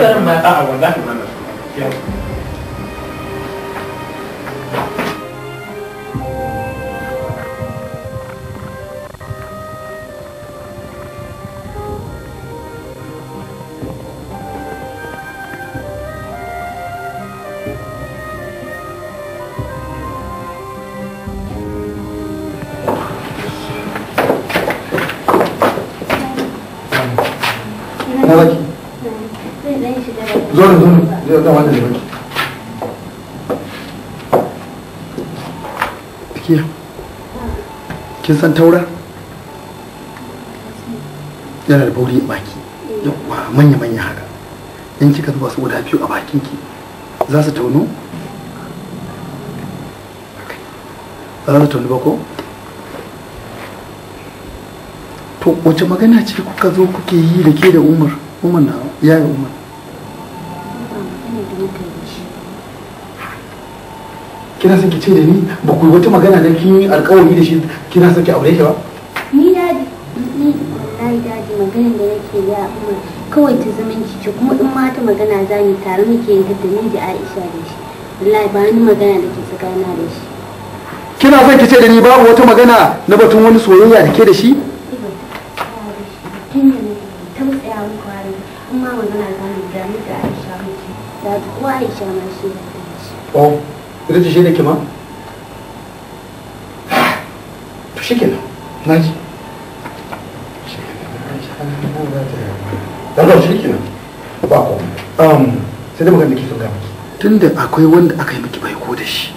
A: baru makan. Ah, wallahi mana.
D: kin san taura yana da bauri a baki yawa manya-manya haka in kika zuba su guda biyu a bakinki za su taunu za su taunu ba ko to wace magana ce kuka zo kuke yi da ke da umar umar na yaya umar ki ce da ni ba ku wata magana na kin yi alkawari da shi kina son ki aure shi ba
C: ni da ni da dadi magana da nake ya amma kawai ta zumunci ce kuma in ma ta magana za ni tare muke yin da ni da Aisha da shi wallahi ba ni magana da ke tsakanin da shi
D: kina son ki ce da ni babu wata magana
E: na batun wani soyayya
G: da ke da shi
D: Oh, ita ce shi ne kima? shi kenan ba ko sai magana gama tunda akwai wanda aka yi miki baiko da shi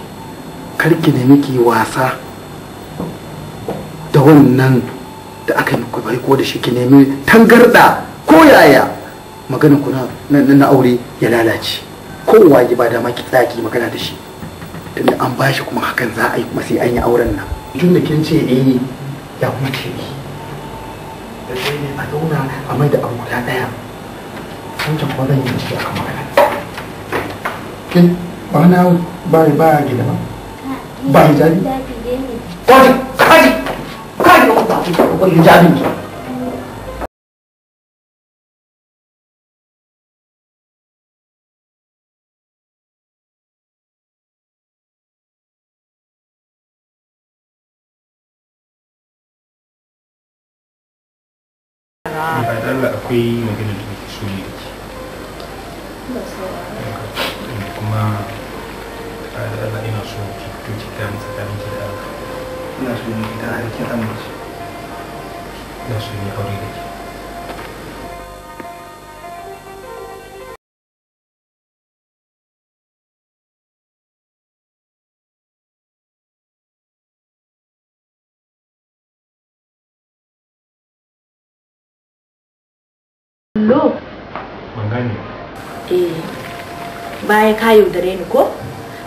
D: karki ne miki wasa da wannan da aka yi miki baiko da shi ki nemi tangarda ko yaya maganin ku na aure ya lalace kowa ya ba dama ki tsaki magana da shi tunda an bashi kuma hakan za a yi kuma sai an yi auren nan tunda kin ce eh ya kuma ke da sai a zauna a mai da abu guda daya wancan ta yin shi a
G: ba na ba ba gida ba
H: ba ba we kallo. Ban gane. Eh. Baya ka yaudare ni ko?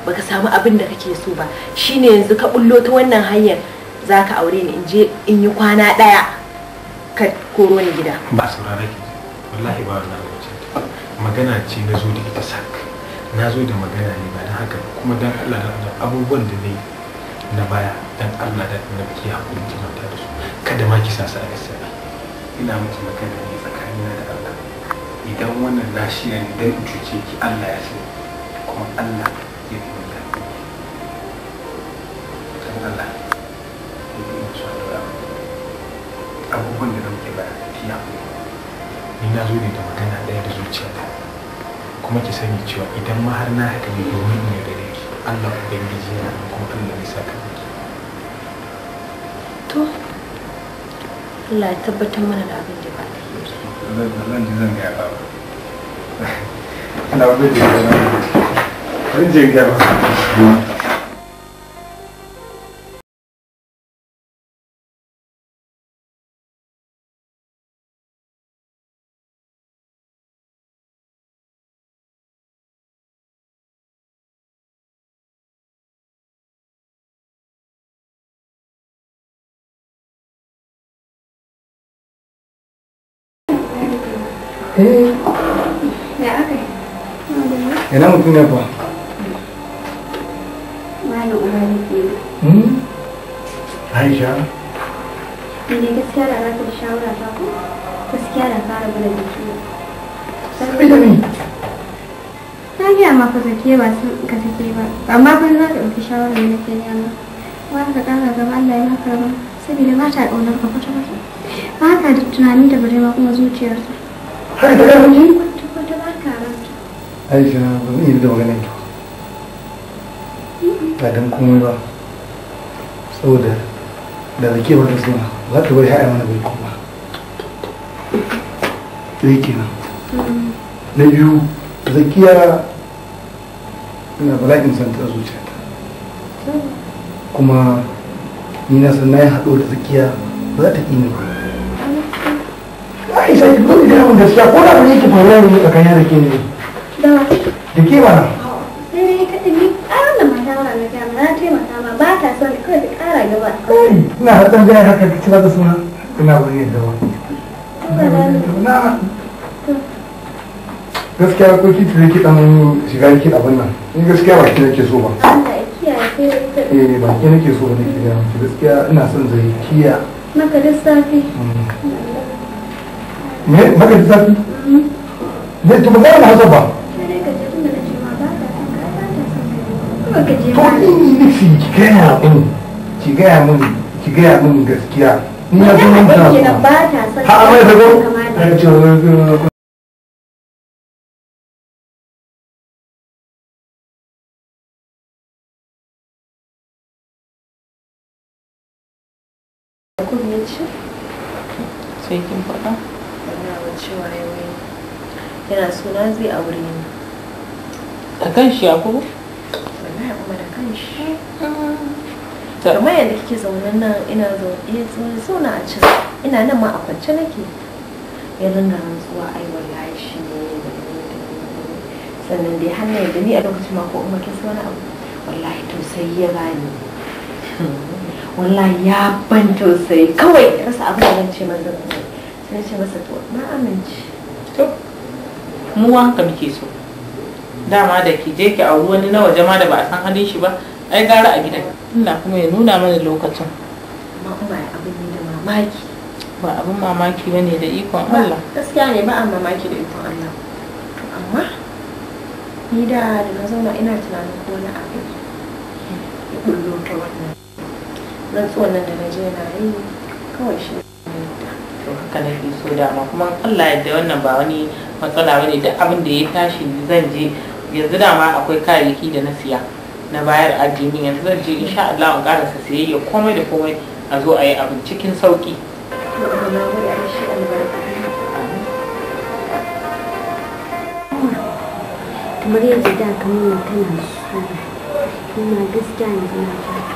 C: Baka samu abin da kake so ba. Shine yanzu ka bullo ta wannan hanyar za ka aure ni in je in yi kwana ɗaya ka koro ni gida.
B: Ba saurara ki. Wallahi ba wannan abincin. Magana ce na zo da ita sak. Na zo da magana ne ba don haka kuma don Allah da abubuwan da ne na baya dan Allah da na ki hakuri ta da su kada ma ki sa su a gaskiya ina miki magana ne tsakanina da Allah idan wannan nashi ne cuce ki Allah ya sani kuma Allah ya fi mun lafiya Allah ya yi mun sa da abubuwan da nake ba ki ya ni na zo ne da magana ɗaya da zuciya ta kuma ki sani cewa idan ma har na haɗa ne domin ne da ki Allah ubangiji na kuma Allah ya saka miki
C: to Allah ya tabbatar mana da abin
B: Não, não, não, não,
H: não, não, não, não, não, eh ya aka mutum ne ba
C: malam umarni ke aisha ne gaskiya da za ta shawara ta ko gaskiya da fara bada jiki
E: saboda me
C: na gaya maka zake ba sun ka take ba amma kun na ɗauki shawarar da nake nema wani ka ƙara gaba Allah ya maka ba saboda ba ta ƙaunar ka kwata-kwata ba ta da tunani da bare ma kuma zuciyarta
E: haka ta
G: kai
E: aisha ba zan yi da maganin ki ba dan komai ba saboda da ba ta mana bai kuma na ina bala'in santa a kuma ni na san na yi haɗo da zakiya ba za ta ƙi ba
G: Aisha ki zo ki gaya gaskiya
E: ko da abin yake faruwa ne tsakanin da ke ne. Da. Da ke ba.
G: Sai
F: dai da ba ta son da gaba.
E: Ina hatsan gaya haka ki ci da suna ina wani Na. Gaskiya ko ki tare ki ɗan shiga ki abin nan. Ni gaskiya ba ki nake so ba.
G: Eh
E: ba ki nake so ba ne ki gaskiya ina son zai kiya. Maka me maka da zafi ne to ba za mu hasa ba
F: to ni
E: nufin ki gaya min ki gaya min ki gaya
H: min gaskiya ni na zo nan ba ha amma da go Thank you. cewa
C: yana suna zai aure ni
A: a kan shi yakubu
C: wallahi kuma da kan shi kamar yadda
A: kike zaune nan ina
C: zaune eh, a can ina nan ma a kwance nake ya ringa rantsuwa ai wallahi shi ne sannan dai hannun da ni a lokacin ma ko umar kisa wani abu wallahi tausayi ya bani wallahi ya ban tausayi kawai rasa abin da zan ce manzon na ce masa to na amince
A: to mu haka muke so dama da ki je ki auri wani na waje ma da ba a san halin shi ba ai gara a gidan Allah kuma ya nuna mana lokacin ba kuma abin da mamaki ba abin mamaki bane da ikon Allah gaskiya ne ba a mamaki da ikon Allah to amma
C: ni da da na zauna ina tunanin ko na abin
A: ya bullo ta wannan
C: tsohon nan da na je na
G: yi kawai shi
A: to haka fi so dama kuma Allah yadda wannan ba wani matsala ne da abin da ya tashi zan je yanzu dama akwai kayayyaki da na siya na bayar addini yanzu zan je insha Allah in karasa sayayya komai da komai a zo a yi abin cikin sauƙi. kamar yanzu da kamar tana
C: so ina gaskiya yanzu na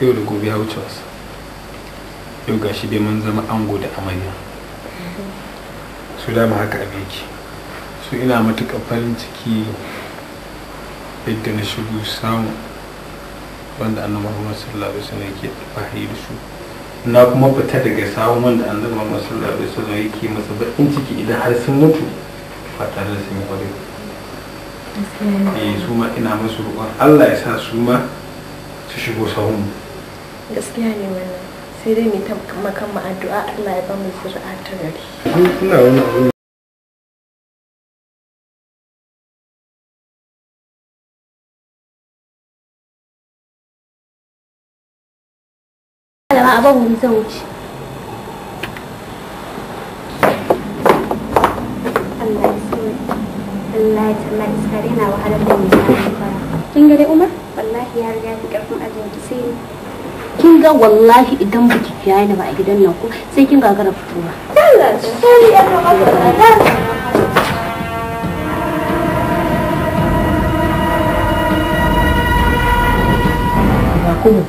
H: yau da gobe ya wuce wasu yau gashi dai mun
B: zama ango da amarya su dama haka abin yake su ina matuƙa farin ciki yadda na shigo samu wanda annabi Muhammad sallallahu alaihi yake alfahari da su na kuma fita daga samun wanda annabi Muhammad sallallahu alaihi yake masa baƙin ciki idan har sun mutu ba tare da sun yi kwarai eh su ma ina masu roƙon Allah ya sa su ma
H: su shigo sahun mu
C: gaskiya ne wannan sai dai mu ta makan mu addu'a
H: Allah ya ba mu zuri'a ta gari ina wani abu zan wuce.
C: Allah ya tsare. na wahalar da mu. Kin Umar? Wallahi ya riga karfin ajin ki sai kin ga wallahi idan baki kiyaye ni ba a gidan nan ko sai kin gagara fitowa
A: Yakubu.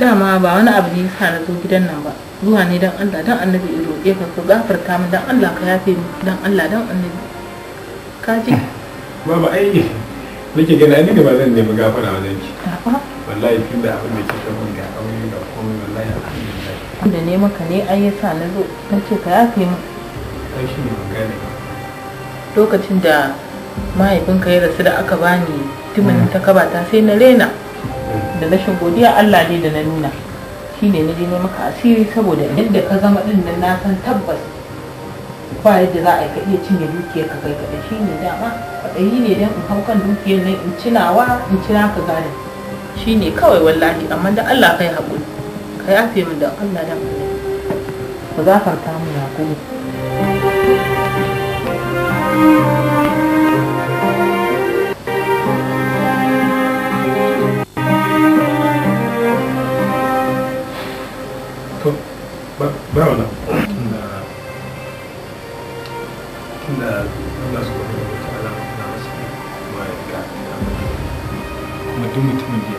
A: Dama ba wani abu ne yasa na zo gidan nan ba. Zuwa ne dan Allah dan Annabi in roƙe ka ka gafarta min dan Allah ka yafe mu dan Allah dan Annabi. Ka ji?
B: ba ai nake gani ai ni ba zan nemi gafara wajen ki. A'a. wallahi tun da abin da kika mun ga aure da komai wallahi alhamdulillah
A: da ne maka ne ai yasa na zo na ce ka yafe mu
B: ai shi ne magana
A: lokacin da mahaifinka ya rasu da aka bani tumin ta kabata sai na rena da rashin godiya Allah ne da na nuna shi ne na je maka asiri saboda yadda ka zama din nan na san tabbas ba yadda za a iya cinye dukiyar ka kai kaɗai shi ne dama kaɗai ne don in hau kan dukiyar nan in cinawa in cina ka gane shine kawai wallahi amma da Allah kai haƙuri ka yafe min da Allah da ku gafarta min yaƙubu
B: ba wannan tunda tunda Allah subhanahu wa ta'ala na masa kuma ya ga kuma duk mutumin da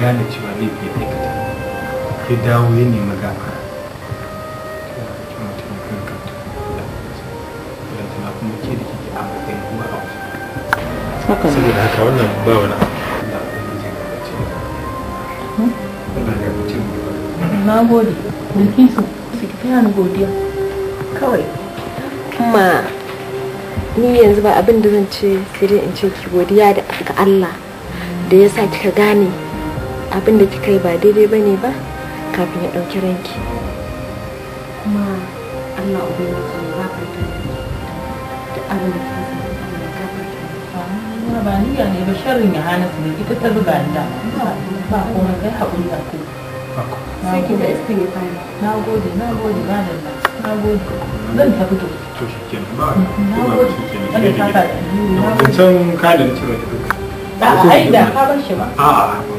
B: gane cewa laifi ya aikata ya dawo ya nemi gafara saboda haka wannan ba wani
A: na gode mulkin su su ki taya ni godiya kawai kuma ni
C: yanzu ba abin da zan ce sai dai in ce ki godiya ga Allah da ya sa kika gane abin da kika yi ba daidai ba ne ba kafin ya ɗauki ranki
A: kuma allah ubi na kan gafarta da abin da kika yi gafarta ba ni ya ne ba sharrin ya hana su ne ita ta buga ni da ba komai kai haƙuri da ku sai ki da iskin ya fara na gode na gode ba da na gode zan tafi da
B: to shi kenan ba na gode kada ka ka can kalin cire ki duka
A: ba ai da ka bar shi ba
B: a'a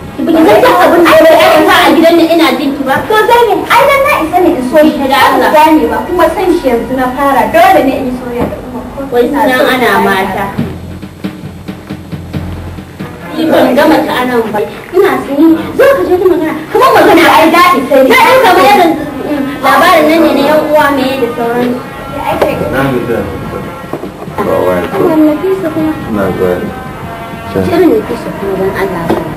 C: Biki zan abin da ya yi ta a gidan da ina jinki ba. To Zainab, ai dan na isa ne in so shi da Allah. Ba ba, kuma san shi yanzu na fara dole ne in soya da kuma. Wai sunan ana mata. Ni ban gama ta anan ba. Ina sani, zo ka je magana. Kuma magana ai daɗi sai. Na ɗan kamar irin mm, labarin nan ne na yan uwa me da sauran. Da ake.
G: Na mu da. Ba wai.
C: Wannan nafisa kuma. Na gani. Shirin nafisa kuma don Allah.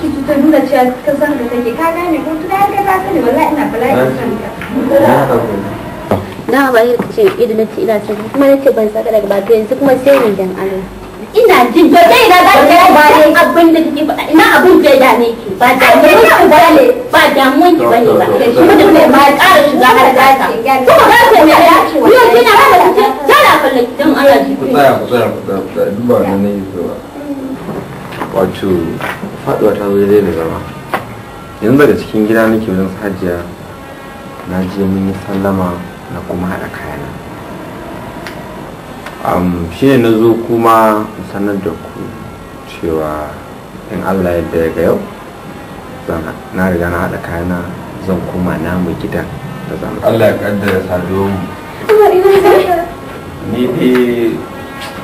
C: ciki ta ta nuna cewa ka san da take ka gane ko ka ka wallahi ina bala'i na ba ce idan ina ce kuma na ce ban saka daga ba to yanzu kuma sai ni dan alo ina jin to dai na zaki ga ba dai abin da kike faɗa ina abin da ya ne ki ba da ki bane ba damuwar ki bane ba kuma da mai ma ƙara shiga har kuma ga ku ne ya ce yau kina ba da kike tana kallon dan Allah ku
G: tsaya ku tsaya ku
B: tsaya duba nan ne zuwa wato faɗuwa ta zo zai zama yanzu daga cikin gida nake wajen hajiya na je mun yi sallama na kuma haɗa kayana um, shi ne na zo kuma sanar da ku cewa in allah yadda ya ga yau na riga na haɗa kayana zan koma namu gidan da zama allah ya kaddara saduwa mu ni dai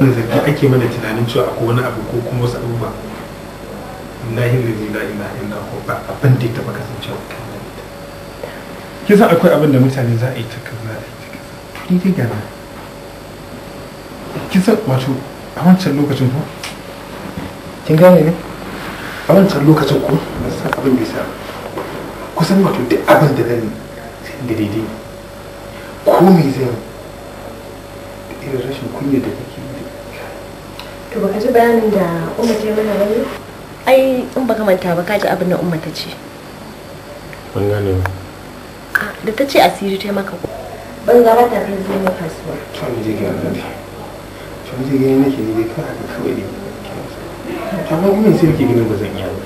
B: arziki ake mana tunanin cewa ko wani abu ko kuma wasu abubuwa na yin lazi la ina ina ko ba abin da ya taba kasancewa kana ita kisa akwai abin da mutane za a yi ta kaza a yi ta kaza to ni dai gana kisa wato a wancan lokacin ko kin gane ne a wancan lokacin ko na san abin da ya sa kusan wato duk abin da zan sai da daidai
E: ko me zai irin rashin kunya da kake
C: to ka ji bayanin da umma ta mana bane ai in ba manta ba kaji abin da umma ta ce ban gane ba da ta ce asiri ta maka ko ban ga ba ta kai zuwa kasuwa
B: to ni je ga nan to ni je ga nake ni dai kawai ka kawai ne amma kuma sai kike ganin ba zan iya ba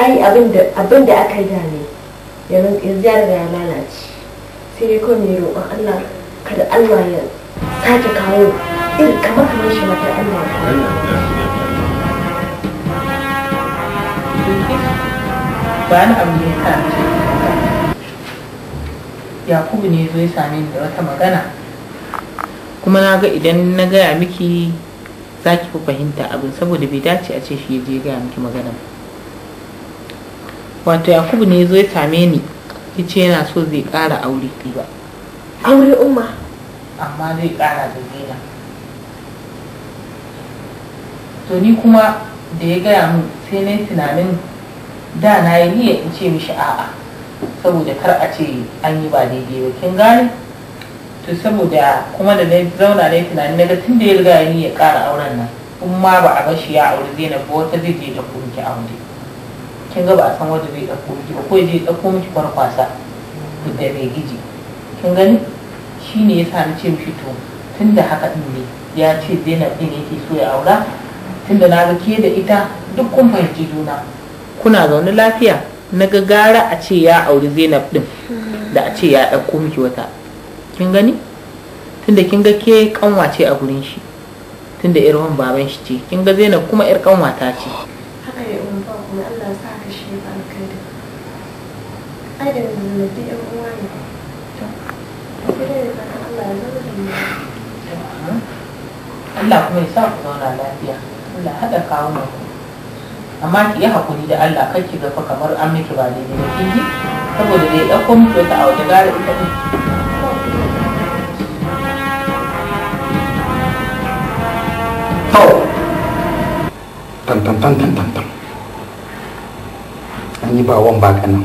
C: ai abin da aka yi da ne yanzu ya riga ya lalace sai dai kawai mai roƙon Allah kada Allah ya sake kawo irin kamar kamar shi mata Allah
A: ba ni abu ne ka yakubu ne zo ya same ni da wata magana kuma na ga idan na gaya miki za ki fi fahimta abin saboda bai dace a ce shi ya je gaya miki magana wato yakubu ne zo ya same ni ya ce yana so zai ƙara aure ba aure umma amma zai kara da zina to ni kuma da ya gaya mun sai na tunanin da na yi niyya in ce mishi a'a saboda kar a ce an yi ba daidai ba kin gane to saboda kuma da na zauna na yi tunanin na ga tun da ya riga ya niyya ƙara auren nan in ma ba a bar shi ya aure zina ba wata zai je da ki aure kin ga ba a san wanda zai ɗauko miki ba ko zai je ɗauko miki kwarkwasa da mai giji kin gani shi ne ya sa na ce mishi to tun da haka ɗin ne ya ce zainab ɗin yake so ya aura tun da na ga ke da ita duk kun fahimci juna kuna zaune lafiya na ga gara a ce ya auri zainab ɗin da a ce ya ɗauko miki wata kin gani tun da kin ga ke kanwa ce a gurin shi tun da irin baban shi ce kin ga zainab kuma yar kanwa ta ce
C: haka ne umma kuma Allah sa ka shi alkhairi ai da
A: Allah kuma ya sa ku zauna lafiya Allah haɗa kawo mu amma ki yi hakuri da Allah kar ki gafa kamar an miki ba daidai ba kin ji saboda da ya ɗauko miki wata a wata gara ita ɗin
D: to tam tam tam tam tam tam an yi bawon baka nan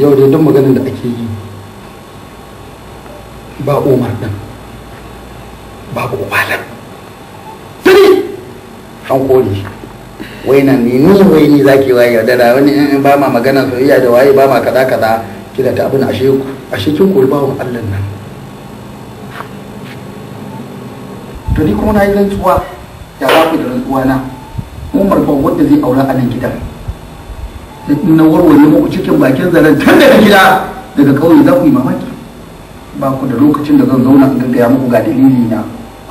D: yau dai duk maganin da ake yi ba umar ɗin babu ubalan tiri an koli wai na ni ni wai ni zaki waye yaudara wani in ba ma magana soyayya da waye ba ma kaza kaza kina ta abin ashe ashe kin koli bawon Allah nan to ni kuma na yi rantsuwa ya ba ku da rantsuwa na Umar ba wanda zai aura a nan gidan na warware muku cikin bakin zaren tun daga gida daga kauye za ku yi mamaki ba ku da lokacin da zan zauna in gaggaya muku ga dalili na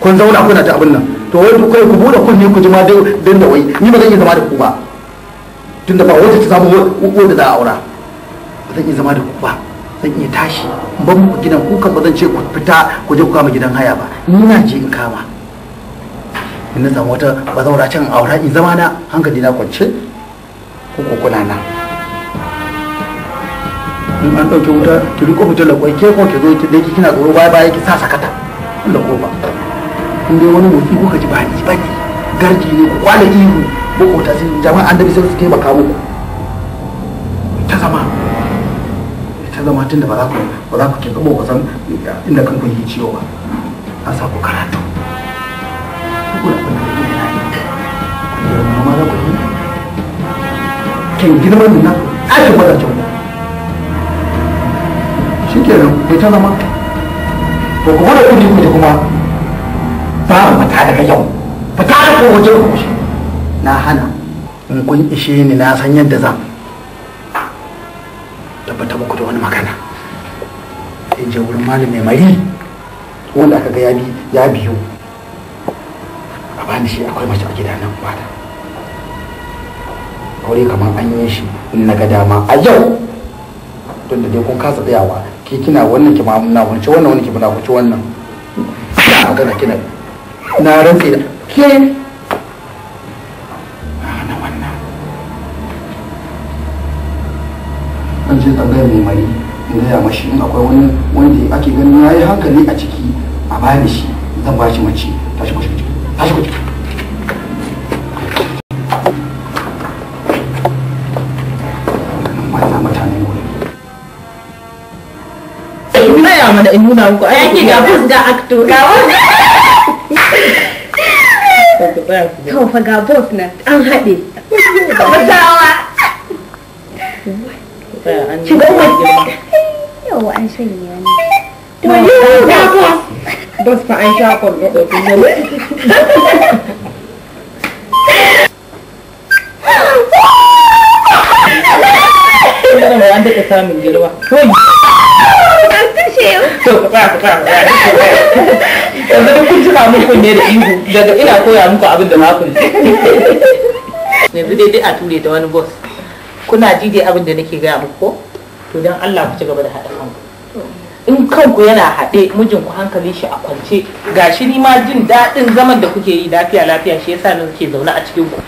D: kun zauna kuna ta abin nan to wai ku kai ku bude kunni ku ji ma dan da wai ni ba zan iya zama da ku ba tunda ba wata ta samu wanda za a aura ba zan iya zama da ku ba zan iya tashi ban muku gidan ku kan ba zan ce ku fita ku je ku kama gidan haya ba ni na je in kama in na samu wata ba zaura can aura in zama na hankali na kwance ko ko kuna na in an ɗauke wuta ki riko da lakwai ke ko ki zo ki dai kina tsoro baya baya ki sa sakata Allah ko ba in dai wani motsi kuka ji bani bani garji ne ku kwala ihu ta sai jama'a annabi sai su baka muku ta zama ta zama tunda ba za ku ba za ku ke ba ku san inda kanku yi ciwo ba an sa ku karatu kan girman nan ake gwada kyau shi kenan bai ta zama to kuma da kuɗi kuma babu fita daga yau fita da ko waje na hana in kun ishe ni na san yadda zan tabbata muku da wani magana in je wurin malami mai wanda aka ga ya biyo a bani shi akwai mace a gida nan ba aure kamar an yi shi in na ga dama a yau don da dai kun kasa tsayawa ke kina wannan ki ma muna wannan wani ki muna ci wannan ya magana kina na rufe da ke
C: ah, na wannan
D: an ce tsangar mai mari in gaya mashi in akwai wani wanda ake ganin ya yi hankali a ciki a bani shi zan ba shi mace tashi ku ciki tashi ku ciki
A: mana in nuna muku aiki ga fusga acto ga wani Kawo
C: fa ga bot na an haɗe. an shanye wani.
A: To yi fa an samun girma. yanzu duk kun cika mun kunne da ihu daga ina koya muku abin da na yanzu dai dai a ture da wani boss kuna ji dai abin da nake gaya muku ko to don Allah ku ci gaba da haɗa kanku in kanku yana haɗe mijinku hankali shi a kwance gashi ni ma jin daɗin zaman da kuke yi lafiya lafiya shi yasa nake zaune a cikin ku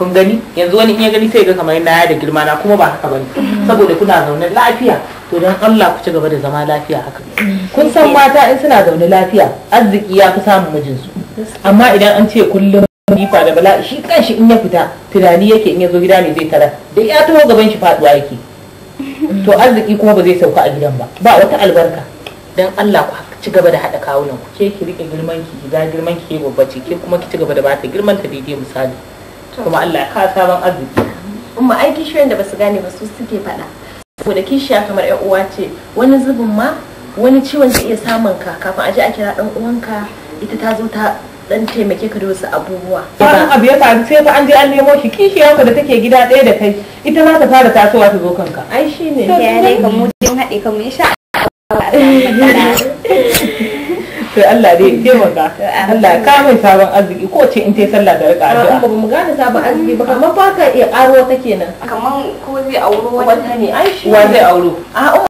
A: kun gani yanzu wani in gani sai ga kamar na da girma na kuma ba haka bane mm. saboda kuna zaune lafiya to dan Allah ku ci gaba da zama lafiya haka kun san mata in suna zaune lafiya arziki ya fi samun mijinsu amma idan an ce kullum nifa da bala shi kanshi in ya fita tunani yake in ya zo gida ne zai tara da ya taho gaban shi faduwa yake mm. to arziki kuma ba zai sauka a gidan ba ba wata albarka dan Allah ku ci gaba da haɗa kawunan ku ke ki rike girman ki ki ga girman ki ke babbace ke kuma ki ci gaba da bata girman ta daidai misali kuma Allah ka sabon arziki umma ai kishiyoyin da basu gane
C: ba su suke faɗa saboda kishiya kamar ƴan uwa ce wani zubin ma wani ciwon zai
A: iya samun ka kafin aje a kira dan uwanka ita ta zo ta dan taimake ka da wasu abubuwa. Farin abu ya faru sai fa an je an nemo shi kishiyarka da take gida ɗaya da kai ita ma ta fara tasowa ta zo kanka. Ai shine ne. Ya ne ka mu
C: haɗe ka mu insha
A: Allah. to Allah dai taimaka Allah ka mai sabon arziki ko ce in ta sallah da rika addu'a ba mu gane sabon arziki ba kamar ba ka iya karo ta kenan kamar ko zai auro wata ne ai shi wa zai auro a'a